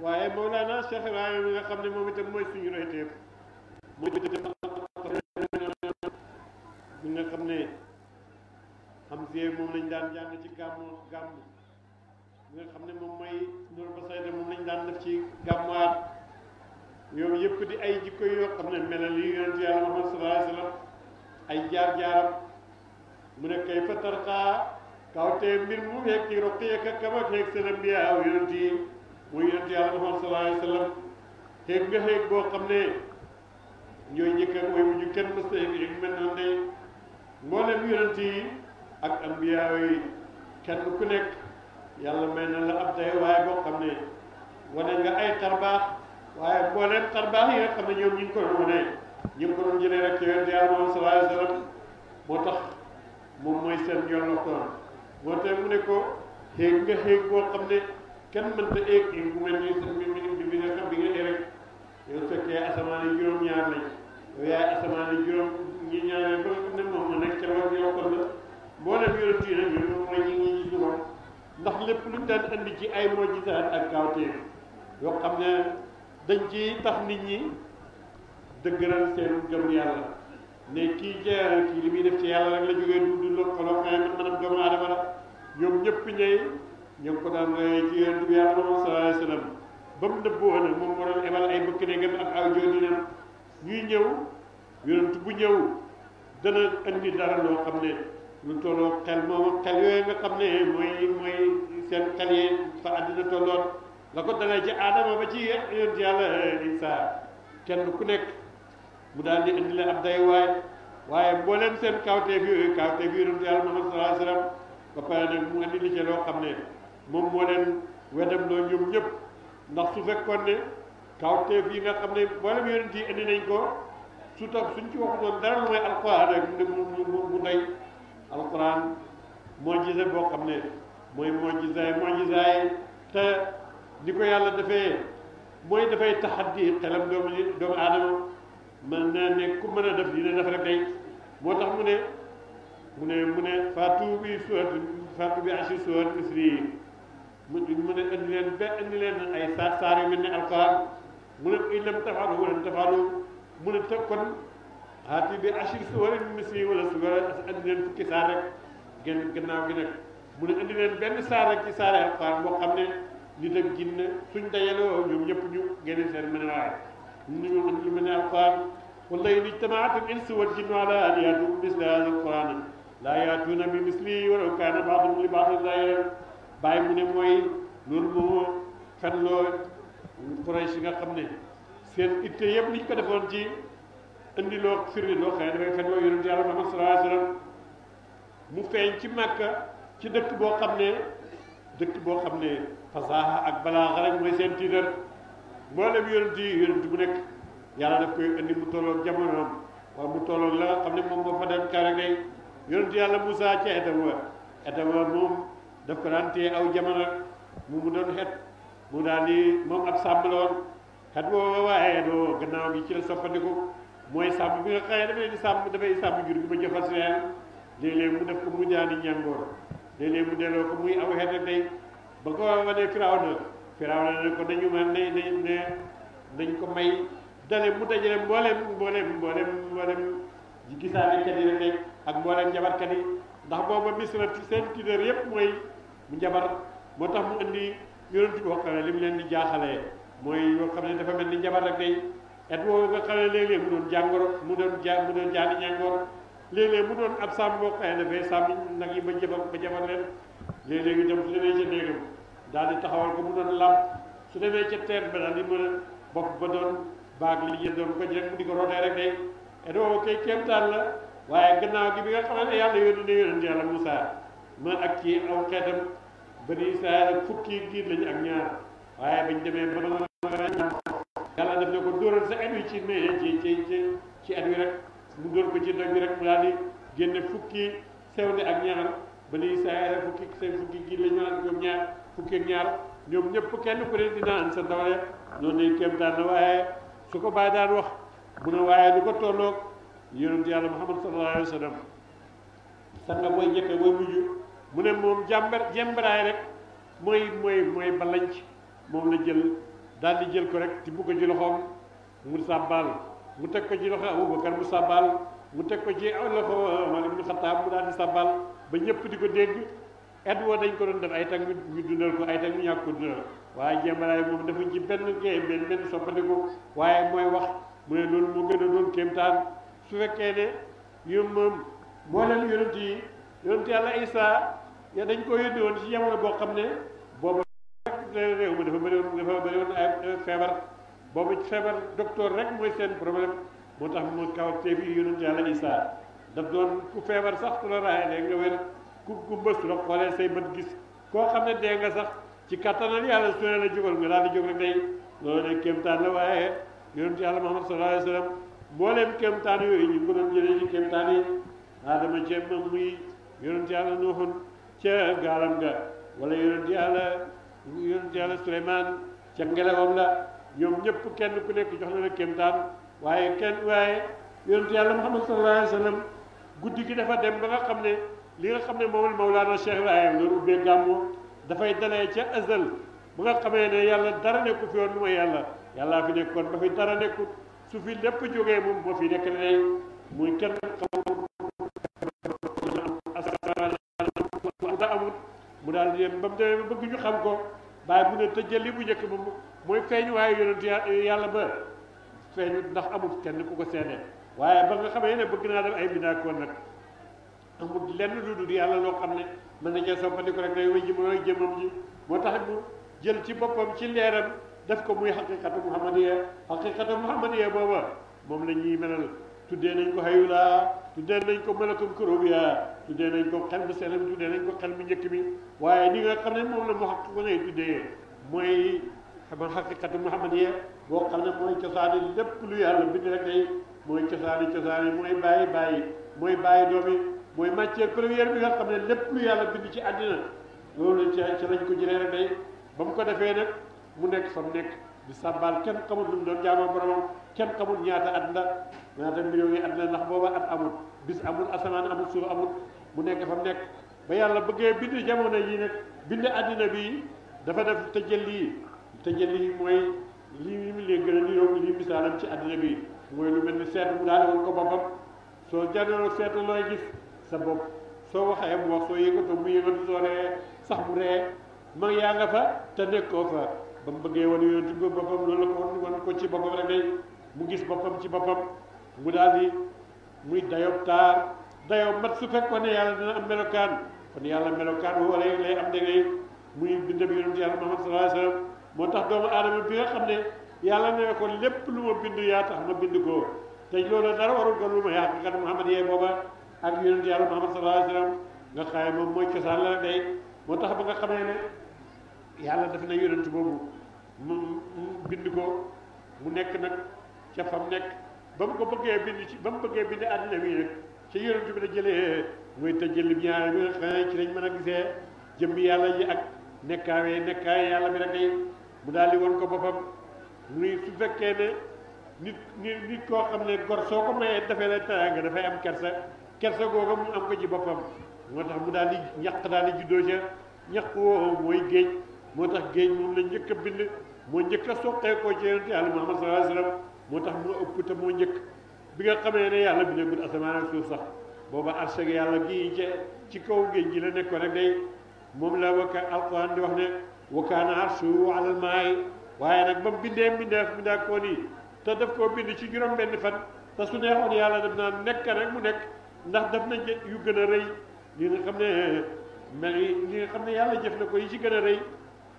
waaye Mawlana Cheikh Ibrahima mi nga xam ne moom itam mooy suñu royteef mooy mi nga xam ne moom lañ daan jàng ci gàmmu gàmmu mi nga xam ne moom mooy moom lañ daan def ci gàmmuwaat yooyu yëpp di ay jikko yoo xam ne melal yi yonent yàlla Muhammad sallallahu ay jaar-jaaram mu ne kay fa tarxaa kaw te mbir mu nekk ci roqi ak kamak yeeg seen ambiya yonent yi muy yonent yàlla Muhammad sallallahu alayhi wa nga xéeg boo xam ne ñooy njëkk ak mooy mujj kenn mës mel na yëg mel noonu de mboolem yonent yi ak ambiyaaw yi kenn ku nekk yàlla may na la ab day waaye boo xam ne wane nga ay tarbaax waaye mboolem tarbaax yi nga xam ne ñoom ñu ngi koy wane ñu ngi ko doon jëlee rek ci yonent yàlla Muhammad sallallahu alayhi wa moo tax moom mooy seen yoon la ko moo tax mu ne ko xéeg nga xéeg boo xam ne kenn ta eeg yi bu mel ni sa mi mi bi nga xam bi nga erek yow fekkee asamaan yi juróom ñaar lañ yow yaay asamaan yi juróom ñi ñaareel ba ne moom ma nekk ca loolu ko la mboolem yonent yi nag ñun moom mooy ñi ñi jubal ndax lépp luñ daan andi ci ay mojisaat ak kaawteef yoo xam ne dañ ci tax nit ñi dëgëral seen gëm yàlla ne kii jeeral kii li muy def ci yàlla rek la jógee du du lokkaloo xëy na maanaam doomu aadama la ñoom ñëpp ñoo ngi ko daan royee ci yonent bi yàlla moom sallallahu alayhi wasallam ba mu dëbboo nag moom moo dana indi dara loo xam ne lu tolloo xel moom xel yooyu nga xam ne mooy mooy seen xel yi fa àddina tolloon la ko dalee ci aadama ba ci yonent yàlla Isa kenn ku nekk mu daal di indi leen ab day waay waaye mbooleem seen kawteef yooyu kawteef yonent yàlla Muhammad sallallahu alayhi wasallam ba pare nag mu indi li ci loo xam ne moom moo leen weddam loo ñoom ñëpp ndax su fekkoon ne kawteef yi nga xam ne mboolem yonent yi indi nañ ko su tax suñ ci waxutoon dara lu mu mu day alquran mojise boo xam ne mooy mojisaay mojisaay te ni ko yàlla dafee mooy dafay taxaddi xelam doomu doomu aadama mën naa ne ku mën a def dina def rek day moo tax mu ne mu ne mu ne faatu bi suwat faatu bi asi suwat misri mu mu ne indi leen ba indi leen ay saar saar yu mel ne alquran mu ne in lam tafalu walam tafalu mu ne te kon haati bi ashir suwarin misli wala suwara indi leen fukki saar rek gën gannaaw gi nag mu ne indi leen benn saar rek ci saare alquran boo xam ne nit ak jinne suñ dajaloo ñoom ñëpp ñu génne seen mën waaye ñu ñu indi mel ne alquran wala in ijtamaat al insu wal jinnu ala an yaatu misli hada alquran la yaatuna bi misli walaw kaana baaduhum li baadin zahiran bàyyi mu ne mooy loolu moo fenloo Quraysh nga xam ne seen itte yëpp liñ ko defoon ci indi loo firnde loo xam ne ci Màkka ci dëkk boo xam ne dëkk boo xam ne fasaaxa ak balaaxa rek seen tiitar mboolem yonent yi yonent bu nekk yàlla daf koy indi mu tolloog jamonoom waaw mu tolloog la xam ne moom moo fa dem kare ngay yonent yàlla Moussa ci Edawa Edawa moom daf ko daan téye aw jamono mu mu doon xet mu daal di moom ab sàmm la xet booba waaye doo gannaaw gi ci la soppandiku mooy sàmm bi nga xëyee dafay di sàmm dafay sàmm jur gi ba jëfas leen ba ko wane firaaw ko nañu ma ne ne ne nañ ko may dale mu dajale mbooleem mbooleem mbooleem mbooleem gisaane kat yi seen tiitar yépp mooy mu jabar moo tax mu indi yonent boo xam ne li mu leen di jaaxalee mooy yoo xam ne dafa mel ni njabar rek day nga xam ne doon jàngoro mu doon ja mu doon jaani jàngoro léeg-léeg mu doon ab sàmm boo xam nag yi ba jabar ba jabar leen léeg-léeg itam su daal di taxawal ko mu doon làmp su demee ca a bopp ba doon baag li ngeen doon ko rek di ko rootee rek day et woowu kay kéemtaan la waaye gannaaw gi bi nga xam ne yàlla yónni na yonent yàlla Moussa ma ak kii aw xeetam bani Israel fukki giir lañu ak ñaar waaye bañ demee ba ma yàlla def ne ko dóoral sa at wi ci mai ci ci ci at wi rek mu dóor ko ci doj bi rek mu daal di génne fukki sew ne ak ñaar bani Israel fukki seen fukki giir lañu naan ñoom ñaar fukki ak ñaar ñoom ñëpp kenn ku ne dinaa am sa doole noonu lay kéemtaan na waaye su ko bàyyi daan wax mu ne waaye lu ko tolloog yonent yàlla Muhammad sallallahu alayhi wa sallam sanga booy njëkk booy mujj mu ne moom jàmbar jembaraay rek mooy mooy mooy balanc moom la jël daal di jël ko rek tibb ko ci loxoom mu sàbbaal mu teg ko ci loxo Abubakar mu sàbbaal mu teg ko ci loxo Umar ibn Xattaab daal di sàbbaal ba ñëpp di ko dégg Edward dañ ko doon def ay tag ñu dundal ko ay tag ñu ñàkk ko dundal waaye jembaraay moom dafa ci benn kii benn benn soppandiku waaye mooy wax mu ne loolu moo gën a doon kéemtaan su fekkee ne ñoom moom moo leen yonent yi yonent yàlla Isaa ne dañ ko yónni woon ci jamono boo xam ne booba réew mi dafa bëri woon dafa bëri woon ay feebar boobu feebar docteur rek mooy seen problème moo tax mu kaw tey fii yonent yàlla Isaa daf doon ku feebar sax ku la raxee léegi nga wér ku ku mbës la xoolee say bët gis koo xam ne dee nga sax ci kattanal yàlla su ne la jógal nga daal di jóg rek day loolu ne kéemtaan la waaye yonent yàlla Muhammad sallallahu alayhi wa sallam mbooleem kéemtaan yooyu ñu ngi ko doon jëlee ci kéemtaan ca gaalam ga wala yonent yàlla yonent yàlla Suleymaan ca ngelawam la ñoom ñëpp kenn ku nekk jox na la kéemtaan waaye kenn waaye yonent yàlla Muhammad sallallahu alayhi wa sallam guddi gi dafa dem ba nga xam ne li nga xam ne moom la Mawlaana Cheikh Ibrahim loolu ubbee gàmmu dafay dalee ca azal ba nga xamee ne yàlla dara nekku fi woon lu ma yàlla yàllaa fi nekkoon ba fi dara nekkut su fi lépp jógee moom moo fi nekk ne muy kenn te mu amul mu daal di dem ba mu demee ba bëgg ñu xam ko bàyyi bu ne tëjjal li bu njëkk moom mooy feeñ waaye yonentu yàlla ba feeñu ndax amul kenn ku ko seenee waaye ba nga xamee ne bëgg naa dem ay binaakoon nag amul lenn lu dul yàlla loo xam ne mën na cee soppandiku rek day wéy ji mooy jëmam ji moo tax mu jël ci boppam ci leeram def ko muy xaqiqatu muhammadiya xaqiqatu muhammadiya booba moom la ñuy melal tuddee nañ ko xayulaa tuddee nañ ko malakum kurubiya tuddee nañ ko xel mu sell bi tuddee nañ ko xel mu njëkk bi waaye li nga xam ne moom la mu xaq ko nay tuddee mooy xaman xaqiqatu muhammadiya boo xam ne mooy cosaani lépp lu yàlla bind rek day mooy cosaani cosaani mooy bàyyi bàyyi mooy bàyyi doomi mooy matière première bi nga xam ne lépp lu yàlla bind ci àddina loolu ci ci lañ ko jëlee rek day mu ko defee nag mu nekk fa mu nekk bi sàbbaal kenn xamul lu mu doon jaamoo boromam kenn xamul ñaata at la ñaata millions yi at la ndax booba at amul bis amul asamaan amul suuf amul mu nekk fa mu nekk ba yàlla bëggee bind jamono yi nag bind àddina bi dafa def tëjëli tëjëli mooy li li mu leen gën a niroo li misaalam ci àddina bi mooy lu mel ni seet mu daal woon ko boppam soo janoo seetu looy gis sa bopp soo waxee mu wax soo yëngatu mu yëngatu soo ree sax bu ree mag yaa nga fa te nekkoo fa ba mu bëggee wan yonent bi boppam loolu la ko wan wan ko ci boppam rek day mu gis boppam ci boppam mu daal di muy dayob taar dayob mat su fekkoon ne yàlla dina am melokaan kon yàlla melokaan woo lay lay am da ngay muy bindam yonent yàlla Muhammad sallallahu alayhi wa sallam moo tax doomu aadama ne yàlla ne ko lu ma bind yaa tax ma bind ko te loolu dara warul ko lu ma ak yonent yàlla Muhammad sallallahu alayhi wa sallam nga xaay tax ba nga xamee ne yàlla def na boobu mu bind ko mu nekk nag ca fam nekk ba mu ko bëggee bind ci ba mu bëggee bind àddina bi rek ca yonent bi la jëlee muy tëjëli ñaar ci lañ mën a gisee jëmmi yàlla ji ak nekkaawee nekkaay yàlla bi rek mu daal di won ko boppam muy su fekkee ne nit nit koo xam ne gor soo ko mayee dafay la teraanga dafay am kersa kersa googu mu am ko ci boppam moo tax mu daal di ñaq daal di juddoo ca ñaq woo mooy géej moo tax géej moom la njëkk bind moo njëkk a soqee ko ci yonent yàlla Muhammad sallallahu alayhi wa sallam moo tax moo ëpp te moo njëkk bi nga xamee ne yàlla bi nekkul asamaan ak suuf sax booba arsh ak yàlla gii ci kaw géej gi la nekkoon rek day moom la waka alquran di wax ne wa kaana arshu alal waaye nag ba mu bindee mbindeef mu daa koo nii te daf koo bind ci juróom benn fan te su neexoon yàlla def naa nekk rek mu nekk ndax def na yu gën a rëy li nga xam ne mel li nga xam ne yàlla jëf na ko ci gën a rëy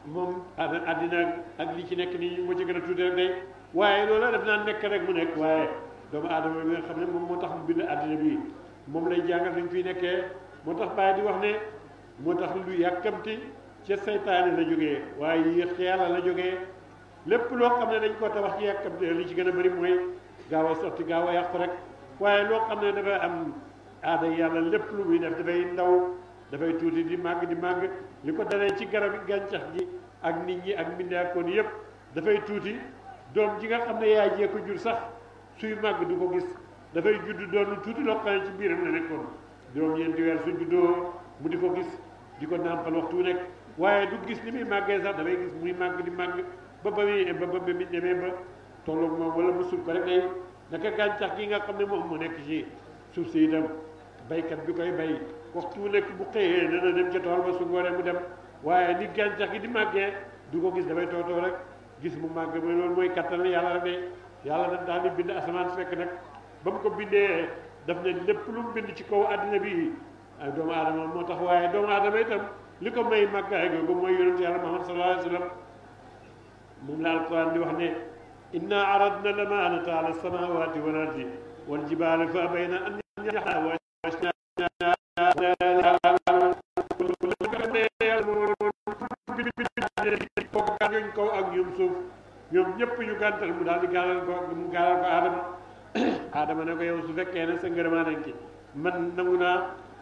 moom àddina ak li ci nekk nii moo ci gën a tuuti rek day waaye loola daf naan nekk rek mu nekk waaye doomu aadama bi nga xam ne moom moo tax mu bind àddina bi moom lay jàngal nañ fiy nekkee moo tax bàyyi di wax ne moo tax lu yàkkamti ca seytaane la jógee waaye yéex ca yàlla la jóge lépp loo xam ne dañ ko wax ci yàkkamti li ci gën a bëri mooy gaaw a sotti gaaw a yàqu rek waaye loo xam ne dafay am aada yàlla lépp lu muy def dafay ndaw dafay tuuti di màgg di màgg li ko dalee ci garab yi gàncax gi ak nit ñi ak mbindaakoon yëpp dafay tuuti doom ji nga xam ne yaay jee ko jur sax suy màgg du ko gis dafay juddu doon lu tuuti loo xam ne ci biiram la nekkoon doom ñeenti weer su juddoo mu di ko gis di ko nàmpal waxtu nekk waaye du gis ni muy màggee sax dafay gis muy màgg di màgg ba ba muy ba ba mi demee ba tolloog moom wala mu suuf ko rek naka gàncax gi nga xam ne moom mu nekk ci suuf si itam baykat bi koy bay waxtu nekk bu xëyee dana dem ca tool ba su ngoonee mu dem waaye ni gàncax gi di màggee du ko gis dafay tootoo rek gis mu màgg mooy loolu mooy kattan yàlla la de yàlla dañ daal di bind asamaan fekk nag ba mu ko bindee daf ne lépp lu mu bind ci kaw àddina bi ay doomu aadama moo tax waaye doomu aadama itam li ko may màggaay googu mooy yonente yàlla Muhammad sallallahu alayhi wa sallam moom la alquran di wax ne inna aradna lamanata ala samawati wal ardi wal jibala fa abayna an yaxna wa ñooñ kaw ak ñoom suuf ñoom ñëpp ñu gàntal mu daal di gaalal ko mu gaalal ko ne ko yow su fekkee ne sa ngërëmaa nañ ki man nangu naa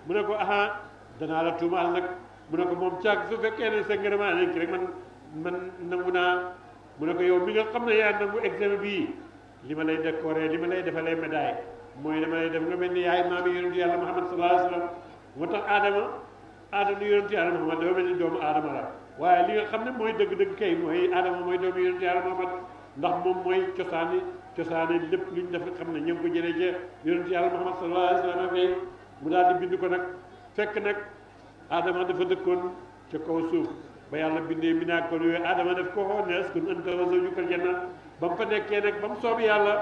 mu ne ko ahan danaa la tuumaal nag mu ne ko moom caag su fekkee ne sa ngërëmaa nañ ki rek man man nangu mu ne ko yow mi nga xam ne yaa nangu examen bii li ma lay décorer li ma lay defalee médaille mooy dama lay def nga mel ni yaay maam yi yonentu yàlla Muhammad sallallahu alayhi wa moo tax aadama aadama yonentu yàlla Muhammad dafa mel ni doomu la waaye li nga xam ne mooy dëgg-dëgg kay mooy aadama mooy doomu yonentu yàlla Muhammad ndax moom mooy cosaani cosaani lépp ñu def xam ne ñu ngi ko jëlee ca yonentu yàlla Muhammad sallallahu alayhi wa sallam fay mu daal di bind ko nag fekk nag aadama dafa dëkkoon ca kaw suuf ba yàlla bindee mi naa ko yooyu aadama def ko xool ne est-ce que anta wa zawjuka janna ba mu fa nekkee nag ba mu soob yàlla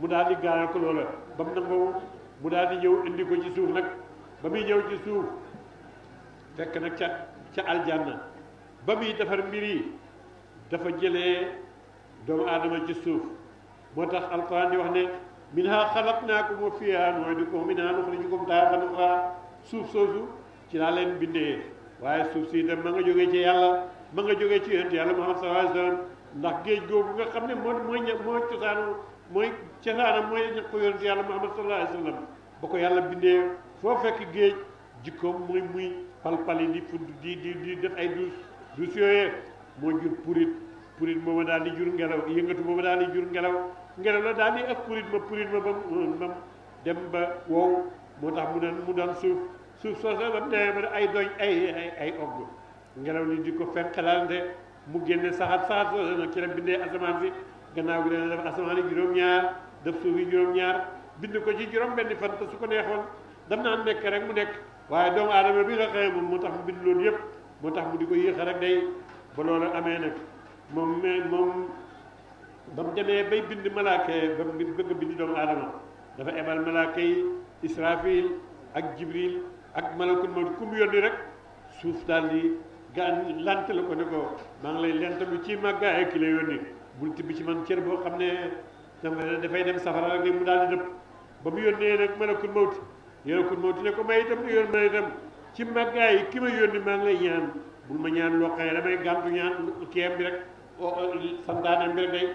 mu daal di gaaral ko loola ba mu nangoo mu daal di ñëw indi ko ci suuf nag ba muy ñëw ci suuf fekk nag ca ca aljanna ba muy defar mbir yi dafa jële doomu adama ci suuf moo tax alquran di wax ne minha xalaqnaakum wa fiha nu'idukum minha nuxrijukum taaratan uxraa suuf soosu ci laa leen bindee waaye suuf sii dem ma nga jógee ci yàlla ma nga jógee ci yonent yàlla Muhammad sallallahu alayhi wa sallam nga xam ne moo mooy moo cosaanu mooy cosaanam mooy ñàkk yonentu yàlla Muhammad sallallahu alayhi wa sallam yàlla bindee foo fekk géej jikkoom muy muy palpali di def ay duus duus yooyee moo jur purit daal di jur ngelaw yëngatu daal di jur ngelaw ngelaw la daal di ak purit ma purit dem ba wow moo tax mu doon mu doon suuf suuf soosa ba ay doñ ay ay ay ogg ngelaw li di ko fenqalante mu génne saxaat saxaat soosa nag ci la bindee asamaan si gannaaw gi dana def asamaan yi juróom-ñaar def suufi juroom ñaar bind ko ci juroom benn fan te su ko neexoon daf naan nekk rek mu nekk waaye doomu aadama bi nga xëye moom moo tax mu bind loolu yépp moo tax mu di ko yéexa rek day ba loolu amee nag moom mais moom ba mu demee bay bind malaaka ba mu bëgg a bind doomu aadama dafa ebal malaaka yi israfil ak jibril ak malakul mawt ku mu yónni rek suuf daal di gaan lant la ko ne ko maa ngi lay lent ci màggaay ki la yónni bunt bi ci man cër boo xam ne xam nga dafay dem safara rek mu daal di dëpp ba mu yónnee nag malakul mawti malakul mawti ne ko may itam nga yónni ma itam ci màggaay ki ma yónni maa ngi lay ñaan bul ma ñaan loo xëy damay gàntu ñaan kiyam bi rek santaanam bi rek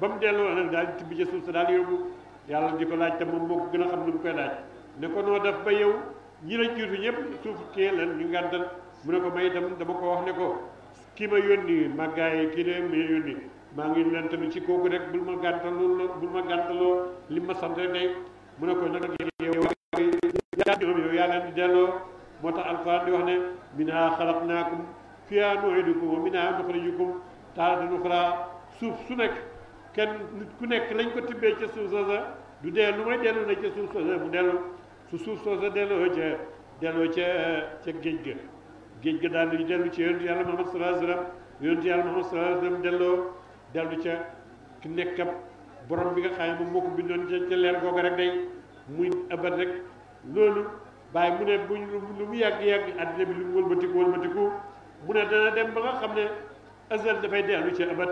ba mu delloo nag daal di tibb sa daal yóbbu yàlla di ko laaj te moom gën a lu mu koy laaj ne ko noo def ba yow ñi la jiitu ñëpp suuf kii lan ñu ngàntal mu ne ko may itam dama ko wax ne ko ki ma yónni màggaay kii de ma yónni maa ngi leen tamit ci kooku rek bul ma gàntaloo bul ma gàntaloo li ma sant rek day mu ne ko nag yow ñoom yow yaa leen di delloo moo tax alquran di wax ne minha xalaqnaakum fiha nuidukum wa minha nuxrijukum taaratan uxra suuf su nekk kenn nit ku nekk lañ ko tibbee ca suuf soosa du dee lu may dellu na ca suuf soosa mu dellu su suuf soosa delloo ca delloo ca ca géej ga géej ga daal di dellu ci yonent yàlla Muhammad sallallahu alayhi wa sallam yonent yàlla Muhammad sallallahu alayhi wa sallam delloo dellu ca fi nekkam borom bi nga xam ne moom moo ko bindoon ca ca leer googu rek day muy abat rek loolu waaye mu ne buñ lu mu yàgg yàgg àddina bi lu mu ma wëlbatiku mu ne dana dem ba nga xam ne azal dafay dellu ca abat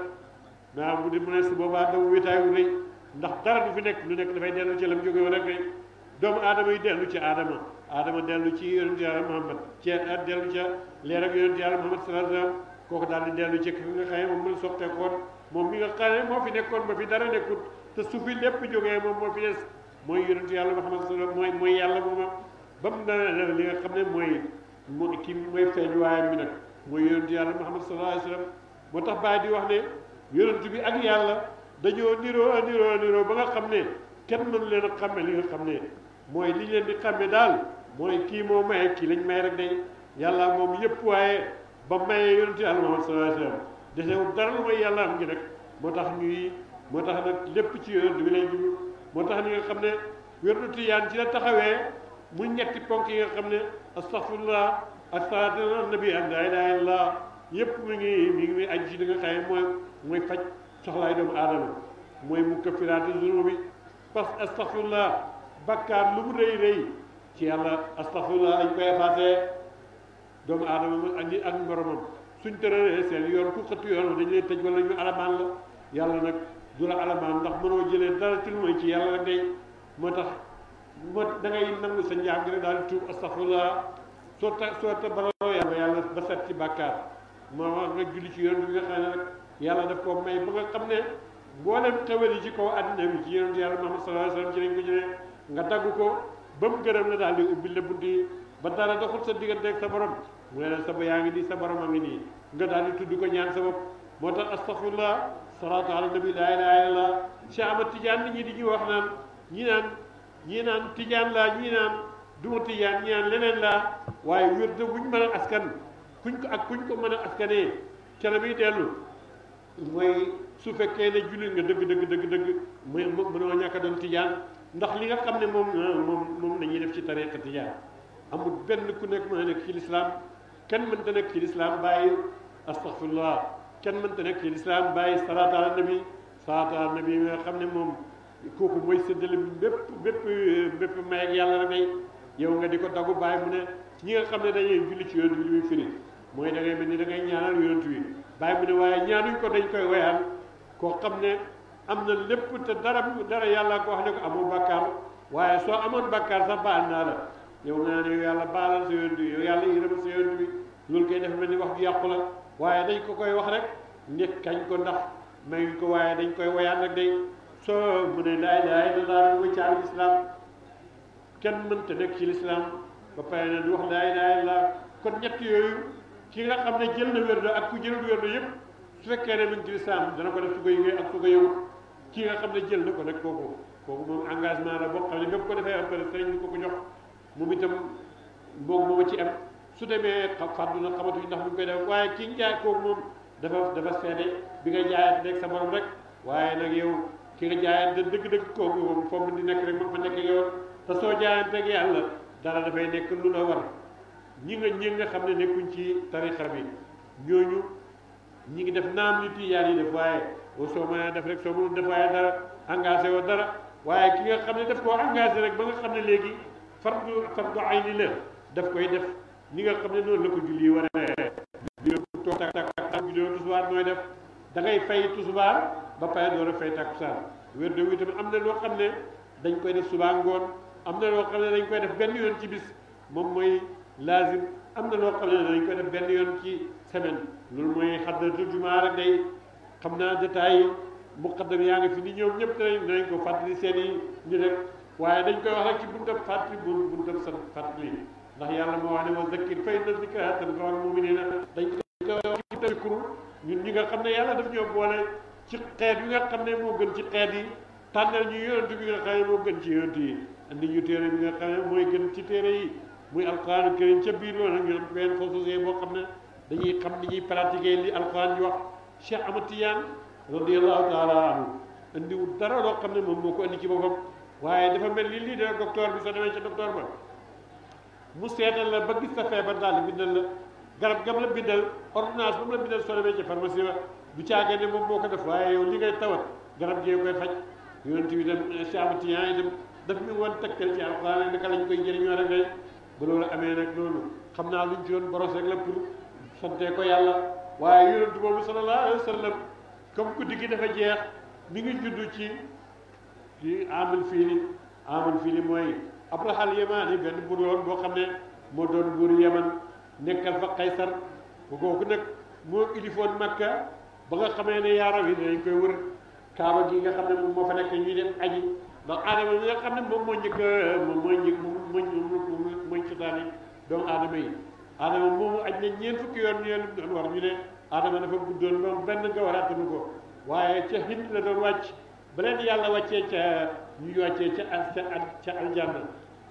waaw mu ne mu ne su boobaa daw wéetaayu rëy ndax dara du fi nekk lu nekk dafay dellu ca lam jóge woon rek day doomu aadama yi dellu ci aadama aadama dellu ci yonente yàlla Muhammad ci dellu ca leer ak yonente yàlla Muhammad sallallahu alayhi kooku daal di dellu ci ki nga xam ne moom la moom mi nga xam ne moo fi nekkoon ba fi dara nekkut te su fi lépp jógee moom moo fi des mooy yonentu yàlla Muhammad sallallahu mooy mooy yàlla mooma ba mu na li nga xam ne mooy mooy kii mooy feeñ waayam bi nag mooy yonentu yàlla Muhammad sallallahu alayhi wasallam moo tax Baay di wax ne yonentu bi ak yàlla dañoo niroo niroo niroo ba nga xam ne kenn mënu leen a xàmme li nga xam ne mooy li leen di xàmme daal mooy kii moo maye kii lañ may rek day yàlla moom yëpp waaye ba maye yonentu yàlla Muhammad sallallahu alayhi wasallam desewul dara lu may yàlla am gi nag moo tax ñuy moo tax nag lépp ci wér bi lay moo tax ni nga xam ne wérdu tiyaan ci la taxawee mu ñetti ponk yi nga xam ne astaghfirullah ak salaatu nabi ak laa ilaaha illallah yépp mi ngi mi ngi muy aju ci li nga mooy mooy faj soxlaay doomu aadama mooy mu kaffiraatu zunubi parce que astaghfirullah bakkaar lu mu rëy rëy ci yàlla astaghfirullah lañ koy faatee doomu aadama ak ñi ak moromam suñ tëralee seen yoon ku xëtt yoon dañ lay tëj wala ñu alamaan la yàlla nag du la alamaan ndax mënoo jëlee dara ci lu may ci yàlla rek moo tax moo da ngay sa njàng rek daal di tuub astaxfirullah soo ta soo ta baraloo yàlla yàlla ba set ci bàkkaar moo nga julli ci yoon bi nga ne nag daf koo may ba nga xam ne mboolem xewal yi ci kaw àddina bi ci yonent yàlla Muhammad sallallahu alayhi ci lañ ko jëlee nga dagg ko ba mu gërëm la daal di ubbi la bunti ba dara doxul sa diggante ak sa borom mu ne sa ba yaa ngi nii sa borom a ngi nii nga daal di tudd ko ñaan sa bopp moo tax astaghfirullah salaatu ala nabi laa ilaha illallah Cheikh Ahmad Tidiane nit ñi di ñu wax naan ñi naan ñi naan Tidiane laa ñi naan du duma Tidiane ñi naan leneen laa waaye wér de buñ mën a askan kuñ ko ak kuñ ko mën a askanee ca la muy dellu mooy su fekkee ne jullit nga dëgg dëgg dëgg dëgg muy mënoo ñàkk a doon Tidiane ndax li nga xam ne moom moom moom la ñuy def ci tariqa Tidiane amul benn ku nekk mën a nekk ci lislaam كن من تنك في الإسلام باي أستغفر الله كان من تنك في الإسلام باي صلاة على النبي صلاة على النبي ما خمن مم كوكو موي سدل بيب بيب بيب ما يجي على النبي يوم عندي كنت أقول باي منه نيجا خمن ده يجي في الشيء اللي بيجي فيه موي ده يجي مني ده يجي نيانا ليون تبي باي منه واي نيانا يكون ده يكون واي هم كو خمن أمن لب كنت دارم دار يلا كوه لك أبو بكر واي سو أمون بكر سبحان الله يوم عندي يلا بالان سيون يلا يرم سيون loolu koy def mel ni wax gi yàqu la waaye dañ ko koy wax rek nekk kañ ko ndax mayuñ ko waaye dañ koy woyaat rek day soo mu ne laay laay la laa mooy caari lislaam kenn mënta nekk ci lislaam ba pare na di laay kon ñett yooyu ki nga xam ne jël na wérdo ak ku jëlul wérdo yëpp su fekkee ne mu ngi ci lislaam dana ko def su ko yëgee ak su ko yëgul ki nga xam ne jël na ko nag kooku kooku moom engagement la boo xam ne même ko defee am pare sëriñ bi ko ko jox moom itam mboog mooma ci am su demee xam fàttali na xamatuñ ndax ñu koy def waaye ki nga jaay kooku moom bi nga jaayee nekk sa borom waaye nag yow ki nga jaayee da dëgg-dëgg kooku di nekk rek man fa nekk yow te soo jaayanteeg yàlla dara dafay nekk ñi nga ñi nga xam ne nekkuñ ci tarixa bi ñooñu ngi def naam li tijaan yi def soo mën def rek soo mënul engagé woo dara waaye ki nga xam ne daf koo engagé rek ba nga xam ne léegi fardu fardu ay ni la daf koy def ni nga xam ne noonu la ko julli war a di toog tak tak tak julloo nooy def dangay ngay fay ba pare door a fay takkusaan wér de wi tamit am na loo xam ne dañ koy def subaa ngoon am na loo xam ne dañ koy def benn yoon ci bis moom mooy laazim am na loo xam ne benn yoon ci semaine loolu mooy xadratu jumaa rek day xam naa détails yi muqaddam yaa ngi fi ni ñoom ñëpp danañ danañ ko fàttali seen i ñu rek waaye dañ koy wax rek ci buntab fàttali bu buntab sa bi ndax yàlla moo wax ne wa zakkir fa inna zikraa tanfa'ul mu'miniina dañ ko tëkkuru ñun ñi nga xam ne yàlla daf ñoo boole ci xeet yi nga xam ne moo gën ci xeet yi tànnal ñu yonent bi nga xam alquran karim ca biir loolu ñu am benn xososee boo xam ne dañuy xam ni li alquran ñu wax Cheikh Ahmad taala anhu andiwul dara loo xam ne moom moo ko andi ci boppam waaye dafa mel ni lii dana docteur bi sa demee ca docteur ba mu seetal la ba gis sa feebar daal di bindal la garab gam la bindal ordonnance ba mu la bindal soo demee ci pharmacie ba du caagee ne moom moo ko def waaye yow li ngay tawat garab gee koy faj yonent bi dem saabatiyan eh, yi dem daf ñu woon tegtal ci alxuraan naka koy jëriñoo rek day ba amee nag loolu xam naa luñ ci doon boros rek la pour sante ko yàlla waaye yonent boobu sallallahu alayhi wa sallam comme guddi gi dafa jeex mi ngi ci ci amul fii ni amul fii ni mooy Abraha al Yamani benn buur woon boo xam ne moo doon buur Yaman nekkal fa Kaysar bu kooku nag moo ilifoon Makka ba nga xamee ne yaaraw yi dinañ koy wër Kaaba gi nga xam ne moom moo fa nekk ñuy def aji ndax aadama bi nga xam ne moom moo njëkk moom moo njëkk mooy mooy xitaani doomu aadama yi aadama moomu aj na ñeent fukki yoon ñeen doon war ñu ne aadama dafa guddoon moom benn nga war a attanu ko waaye ca Hind la doon wàcc ba leen yàlla wàccee ca ñuy wàccee ca ca ca aljanna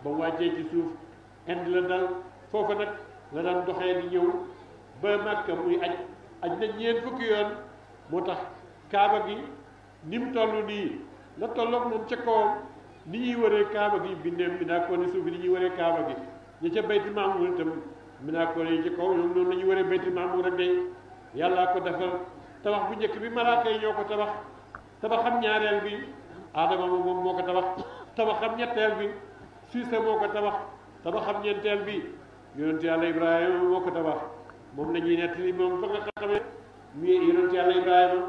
ba mu wàccee ci suuf ind la dal foofa nag la daan doxee di ñëw ba Màkka muy aj aj na ñeent fukki yoon moo tax kaaba gi ni mu toll nii la tolloog moom ca kawam ni ñuy waree kaaba gi bindeem mi naa ko ne suuf ni ñuy waree kaaba gi ñi ca bayti maamuur itam mi naa ko ne ci kaw ñoom noonu la ñuy waree bayti maamuur rek de yàllaa ko defal tabax bu njëkk bi malaaka yi ñoo ko tabax tabaxam ñaareel bi aadama moom moo ko tabax tabaxam ñetteel bi Siise moo ko tabax tabaxam ñeenteel bi yonent yàlla Ibrahima moo ko tabax moom la ñuy nettali moom ba nga xamee mu yonent yàlla Ibrahima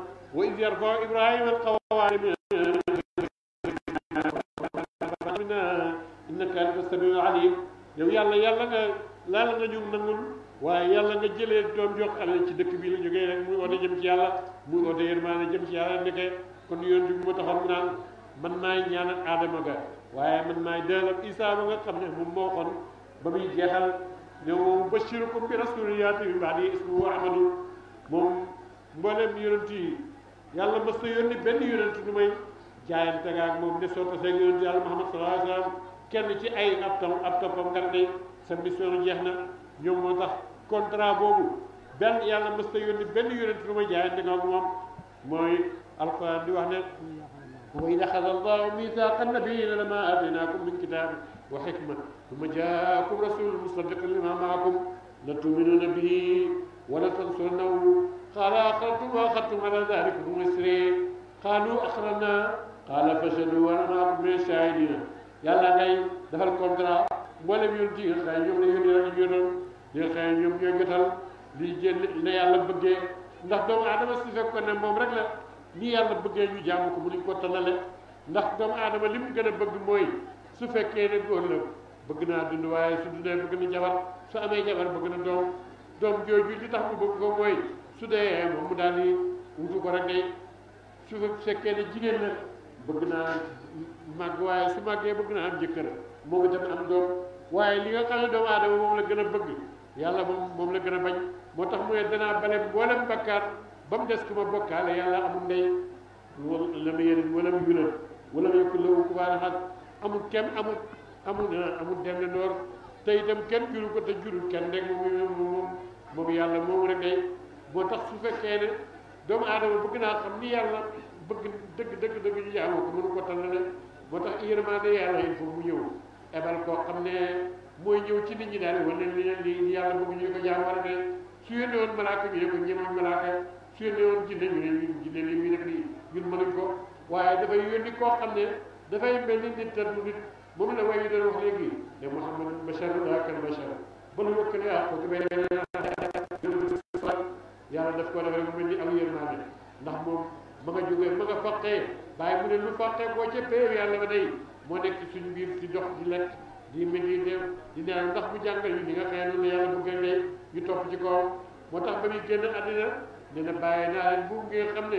yàlla yàlla nga laal nga ñu nangul waaye yàlla nga jëlee doom jox alal ci dëkk bi la jógee rek muy oote jëm ci yàlla muy oote yërmaane jëm ci yàlla nekkee kon yonent bi moo taxoon naan man maay ñaanal Aadama ga waaye man maay delloo Isaa ba nga xam ne moom moo kon ba muy jeexal ne moom bashirukum bi rasulin yaati min ba'di ismuhu Ahmadu moom mboolem yonent yi yàlla mës na yónni benn yonent du may jaayante nga ak kenn ci ay ab tam ab toppam jeex na ñoom moo tax contrat boobu benn yàlla mës na yónni benn moom mooy alxuraan di wax ne. وإذا أخذ الله ميثاق النبيين لما آتيناكم من كتاب وحكمة ثم جاءكم رسول مصدق لما معكم لتؤمنن به ولتنصرنه قال أخرتم وأخذتم على ذلك مسري قالوا أخرنا قال فشلوا وأنا معكم من الشاهدين يلا ناي دفع الكونترا مولم أن خاين يوم يوني رك يونال دي خاين يوم ñoy jotal li أن la yalla bëggé ndax doomu adama su fekkone mom rek la ni yàlla bëggee ñu jaamu ko mënuñ koo tanale ndax doomu aadama li mu gën a bëgg mooy su fekkee ne góor la bëgg naa dund waaye su dundee bëgg na jabar su amee jabar bëgg na doom doom jooju li tax mu bëgg ko mooy su dee moom mu daal di wutu ko rek su fekkee ne jigéen la bëgg naa màgg waaye su màggee bëgg naa am jëkkër moom itam am doom waaye li nga xam ne doomu aadama moom la gën a bëgg yàlla moom la gën a bañ moo tax mu ne danaa bale mboolem bakkaar ba mu des ku ma bokkaale yàlla amul ndey la ma yële wala mu yulal wala mu yokk loolu ku baax amul kenn amul amul amul denn noor te itam kenn juru ko te jurul kenn rek yàlla moom rek boo tax su fekkee ne doomu aadama bëgg naa xam ni yàlla bëgg dëgg dëgg dëgg ñu jaamu ko mënu ko tànnale boo tax yërmande yàlla il faut mu ñëw ebal koo xam ne mooy ñëw ci nit ñi daal wala li leen li yàlla bëgg ñu ko jaamu war a ne su yónnee woon malaaka ñu ne ko ñemoon malaaka su yónnee woon jinne ñu ne ñun jinne li muy def nii ñun mënuñ ko waaye dafay yónni koo xam ne dafay mel ni nit te du nit moom la way yi doon wax léegi ne Muhammad basharun ba nu wëkk ne ah ko gëmee yàlla daf koo defee mu mel ni am yërmande ndax moom ma nga jógee ma nga fàttee bàyyi mu ne lu fàttee boo ca péer yàlla ba day moo nekk ci biir di dox di lekk di mel ni dem di naan ndax bu jàngal ñu ni nga xëy na yàlla bu gën ñu topp ci kawam moo tax ba muy génn àddina nee na bàyyi naa leen bu ngeen xam ne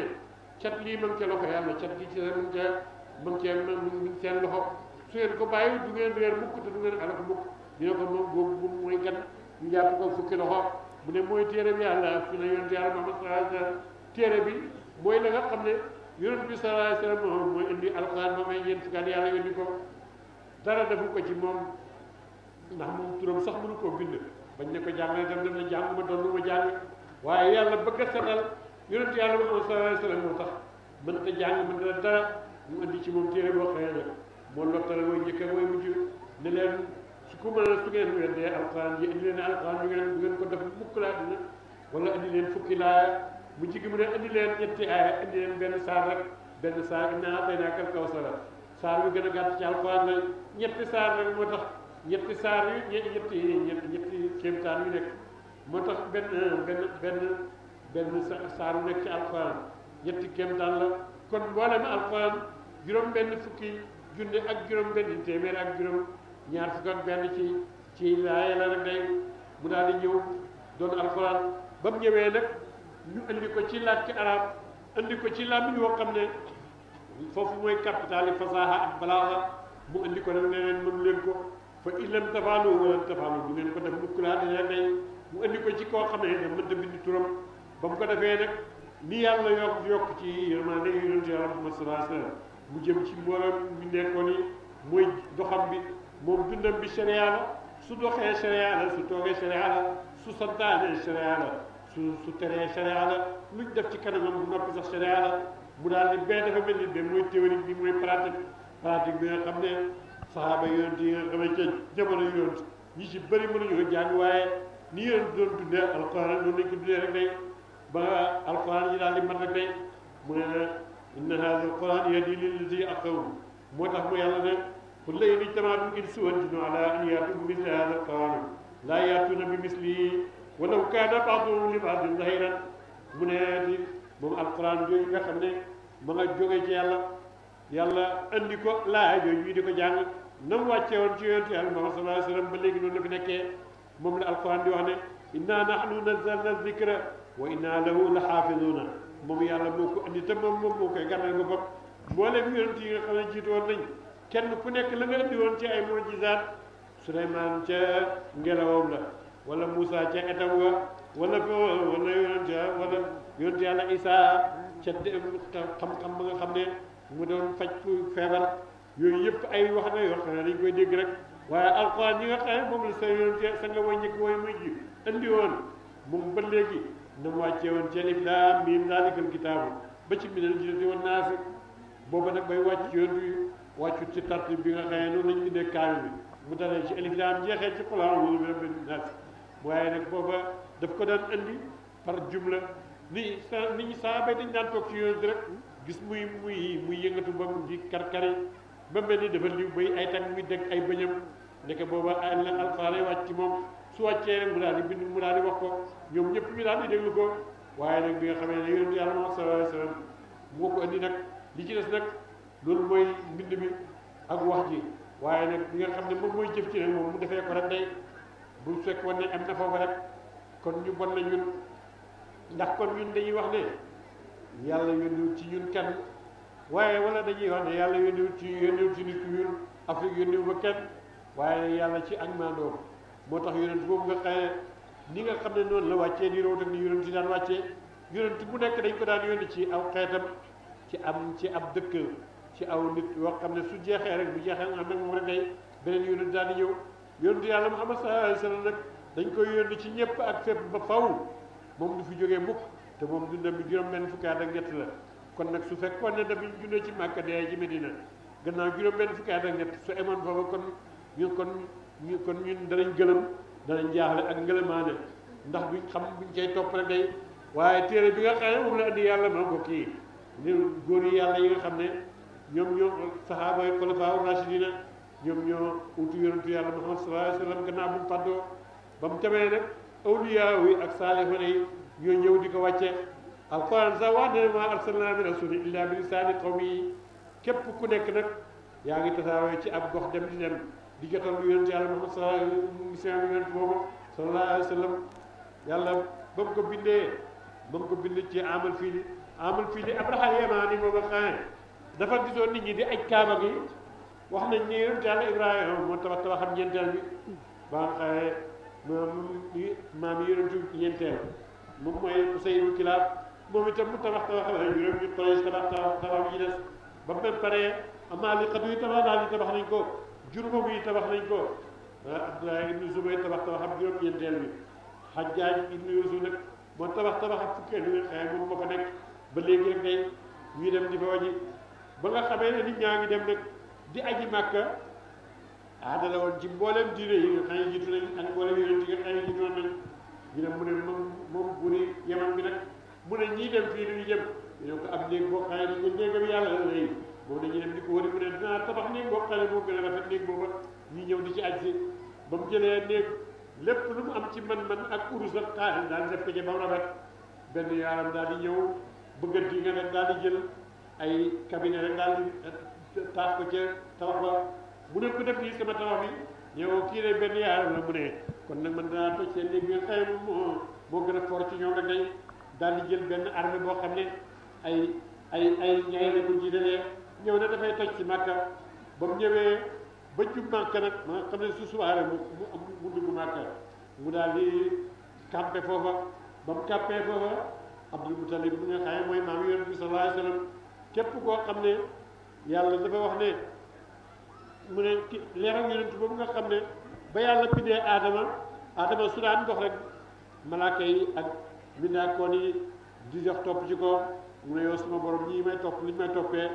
cat lii ma ngi ca loxo yàlla cat gi ci sa mën ca mën cee mën seen loxo su ngeen ko bàyyi du ngeen réer mukk te du ngeen alak mukk dina ko ko fukki loxo bu ne mooy téere bi yàlla fi na yonent yàlla Muhammad téere bi mooy la nga xam ne yonent bi sallallahu alayhi wasallam moom mooy indi alxuraan moom ay yéen fukkaat yàlla ko dara defu ko ci moom ndax mu turam sax mënu koo bind bañ ne ko jàngale dem dem na jàng ma doon lu ma jàng waaye yàlla bëgg a setal yonent yàlla Muhammad sallallahu alayhi wa sallam moo tax mënta jàng mënta dara mu indi ci moom téere boo xëy na moo lottal mooy njëkk ak mooy mujj ne leen su ko mën a su ngeen weddee alxuraan yi indi leen alxuraan yu ngeen du ngeen ko def mukk laa dina wala indi leen fukki laaya mu jigi mu ne indi leen ñetti aaya indi leen benn saar rek benn saar inna a'taynaakal kawsar saar bi gën a gàtt ci alxuraan la ñetti saar rek moo tax ñetti saar yu ñetti ñetti ñetti kéemtaan moo tax benn benn benn benn saaru nekk ci alquran ñetti kéem daan la kon mboolem alquran juróom benn fukki junne ak juróom benn téeméer ak juróom ñaar fukk ak benn ci ci laay la rek day mu daal di ñëw doon alquran ba mu ñëwee nag ñu andi ko ci ci arab andi ko ci làmmiñ woo xam ne foofu mooy capital yi fasaha ak balaaxa mu andi ko nag neneen leen mënu leen ko fa illam tafaalu wala tafaalu du ngeen ko def mukk laa dina day mu indi ko ci koo xam ne mën ta bind turam ba mu ko defee nag ni yàlla yokk yokk ci yërmande yonente yàlla Muhammad sallallahu jëm ci mboolem ñu nekkoon doxam bi moom dundam bi sharia su doxee sharia la su toogee sharia la su santaane sharia la su su teree sharia la luñ def ci kanamam bu noppi sax sharia la mu daal di bee dafa mel ni de mooy théorique bi mooy pratique pratique bi nga xam ne saxaaba yonent yi nga xam ne ca jamono yonent ñi jàng waaye ni ngeen doon tuddee alquran noonu lañ ko tuddee rek day ba alquran yi daal di mu ne na inna haadha alquran yahdi lillati aqwam moo tax mu yàlla ne qul la in ijtamaatum insun wal jinnu ala an yaatu bi misli haadha alquran laa yaatuuna bi mislihi walaw kaana ba'duhum li ba'din zahiran mu ne di moom alquran yooyu nga xam ne ma nga jóge ci yàlla yàlla andi ko laaya yooyu ñuy di ko jàng nam wàcce woon ci yonent yàlla Muhammad sallallahu alayhi wa sallam ba léegi noonu موم القران دي واخني انا نحن نزلنا الذكر وانا له لحافظون موم يالا موكو اندي تا موم موكو غانال بوب مولم يونتي يغا خاني جيت وون ناي كين كو نيك لا نغا اندي وون تي اي معجزات سليمان تا غيلاوم لا ولا موسى تا اتاوا ولا فو ولا يونتا ولا يونتا لا عيسى تا خم خم ما خا خني مو دون فاج فيبر yooyu yëpp ay wax na yoo xam ne dañ koy dégg rek waaye alxuraan yi nga xam ne moom la sa yoon sa nga way njëkk way mujj andi woon moom ba léegi na mu wàccee woon ci alif laam miim zaalikal kitaabu ba ci minal jinnati wan naas booba nag bay wàcc yoon bi wàccut ci tartib bi nga xam ne noonu lañu indee kaamil bi mu dalee ci alif laam jeexee ci xulaa wulu bi rabbil naas waaye nag booba daf ko daan andi par jumla ni sa nit ñi saaba dañ daan toog ci yoon bi rek gis muy muy muy yëngatu ba mu di karkari ba mel ni dafa liw bay ay tànk muy dëgg ay bëñam ndeke booba ay la alxuraan ay wàcc ci moom su wàccee rek mu daal di bind mu daal di wax ko ñoom ñëpp ñu daal di déglu ko waaye nag bi nga xamee ne yonent yàlla moom sallallahu alayhi ko indi nag li ci des nag loolu mooy mbind mi ak wax ji waaye nag bi nga xam ne moom mooy jëf ci nag moom mu defee ko rek day bu fekkoon ne am na foofu rek kon ñu bon na ñun ndax kon ñun dañuy wax ne yàlla yónni ci ñun kenn waaye wala dañuy wax ne yàlla yónniwul ci yónniwul ci nit ku ñuul Afrique yónniwul ba kenn waaye yàlla ci ak maandoom moo tax yonent boobu nga xaye ni nga xam ne noonu la wàccee ni root ak ni daan wàccee yonent bu nekk dañ ko daan yónni ci aw xeetam ci am ci ab dëkk ci aw nit yoo xam ne su jeexee rek bu jeexee am nag moom rek day beneen yonent daan di ñëw yonent yàlla Muhammad sallallahu sa wasallam nag dañ koy yónni ci ñëpp ak fépp ba faw moom du fi jógee mukk te moom dundam bi juróom benn fukki at ak ñett la kon nag su fekkoon ne dafa juddoo ci Màkka dee ci Medina gannaaw juróom-benn fukki at ak ñett su emoon foofu kon ñu kon ñu kon ñun danañ gëlëm danañ jaaxle ak ngëlëmaane ndax buñ xam buñ cay waaye téere bi nga xam ne moom yàlla moo kii ni góor yi yàlla yi nga xam ne ñoom ñoo sahaaba yi xulafaa rashidina ñoom ñoo utu yonentu yàlla Muhammad sallallahu alayhi wasallam gannaaw bu mu fàddoo ba mu tamee nag awliyaa yi ak saalihoon yi ñoo ñëw di ko wàcce alquran sax wax ne ma arsalna min rasulin illa bi lisaani qawmi képp ku nekk nag yaa ngi tasaawee ci ab gox dem di dem di jotal lu yonent yàlla Muhammad sallallahu alayhi mu ko bindee ba mu ko bindee ci amal fii dafa gisoon nit ñi di aj kaaba gi wax nañ ni yonent yàlla Ibrahima moo tabax moom itam mu tabax tabaxal ay juróom ñu koy tabax tabax yi ba mu paree amaa li xatu yi tabax daal yi tabax nañ ko juróom yi tabax nañ ko Abdoulaye ibnu Zubayr tabax tabax am juróom-ñeenteel bi Hajjaaj ibnu Yuusuf nag moo tabax tabax ak fukki at yi xëy moom moo fa nekk ba léegi rek day dem di fa waji ba nga xamee ne nit ñaa ngi dem nag di aji màkka aada la woon ci mboolem diine yi nga xam ne jiitu nañ yi nga mu ne moom moom buuri Yaman bi nag mu ne ñii dem fii duñu jëm ñoo ko am néeg boo xaye yi di ko wëri mu ne dinaa tabax néeg boo xale moo gën a ci aj si ba mu jëlee néeg lépp lu mu am ci man-man ak urus ak xaalis daal def ko ca ba mu rafet benn yaaram daal di ñëw bëgganti nga ay cabinet rek daal di eh, taat ne ko def nii sama tabax bi ñëw kii kon nag man danaa toj seen néeg bi nga xaye moo gën a fort ci ñoom rek day daal di jël benn armée boo xam ne ay ay ay ñay la ko jiitalee ñëw na dafay toj ci màkka ba mu ñëwee ba jub màkka nag ma nga xam ne su subaare mu mu dugg màkka mu daal di campé foofa ba mu campé foofa abdul mutalib bi nga xaye mooy maam yonent bi sallallahu alayhi wasallam képp koo xam ne yàlla dafa wax ne mu ne leeral yonent boobu nga xam ne ba yàlla bindee aadama aadama su daan dox rek malaaka yi ak bi nekkoon yi di jox topp ci ko mu ne yow suma borom ñii may topp liñ may toppee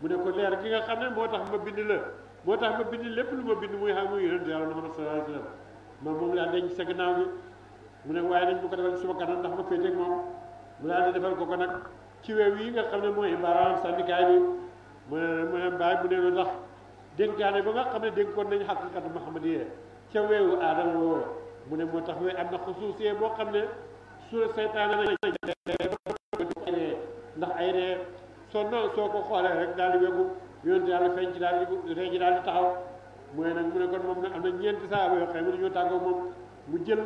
mu ne ko leer gi nga xam ne moo tax ma bind la moo tax ma bind lépp lu ma bind muy xam muy yonent yàlla moom moom laa denc sa gannaaw bi mu ne waaye nañ bu ko defal suma kanam ndax ma féete ak moom mu ko ko nag ci weew nga xam ne mooy baaraam sandikaay bi mu ne mu ne mbaay mu ne lu tax ba nga xam ne dénkoon nañ xaqiqatu Muhammadiyya ca weewu aadama woo mu ne moo tax we am na xusuusiyee boo xam ne suura seytaane ndax ay ree soo noo soo ko xoolee rek daal di wegu yonent yàlla feeñ ci daal di ree ji daal di taxaw mooy nag mu ne kon moom nag am na ñeenti saaba yoo xam ne ñoo tàggoo moom mu jël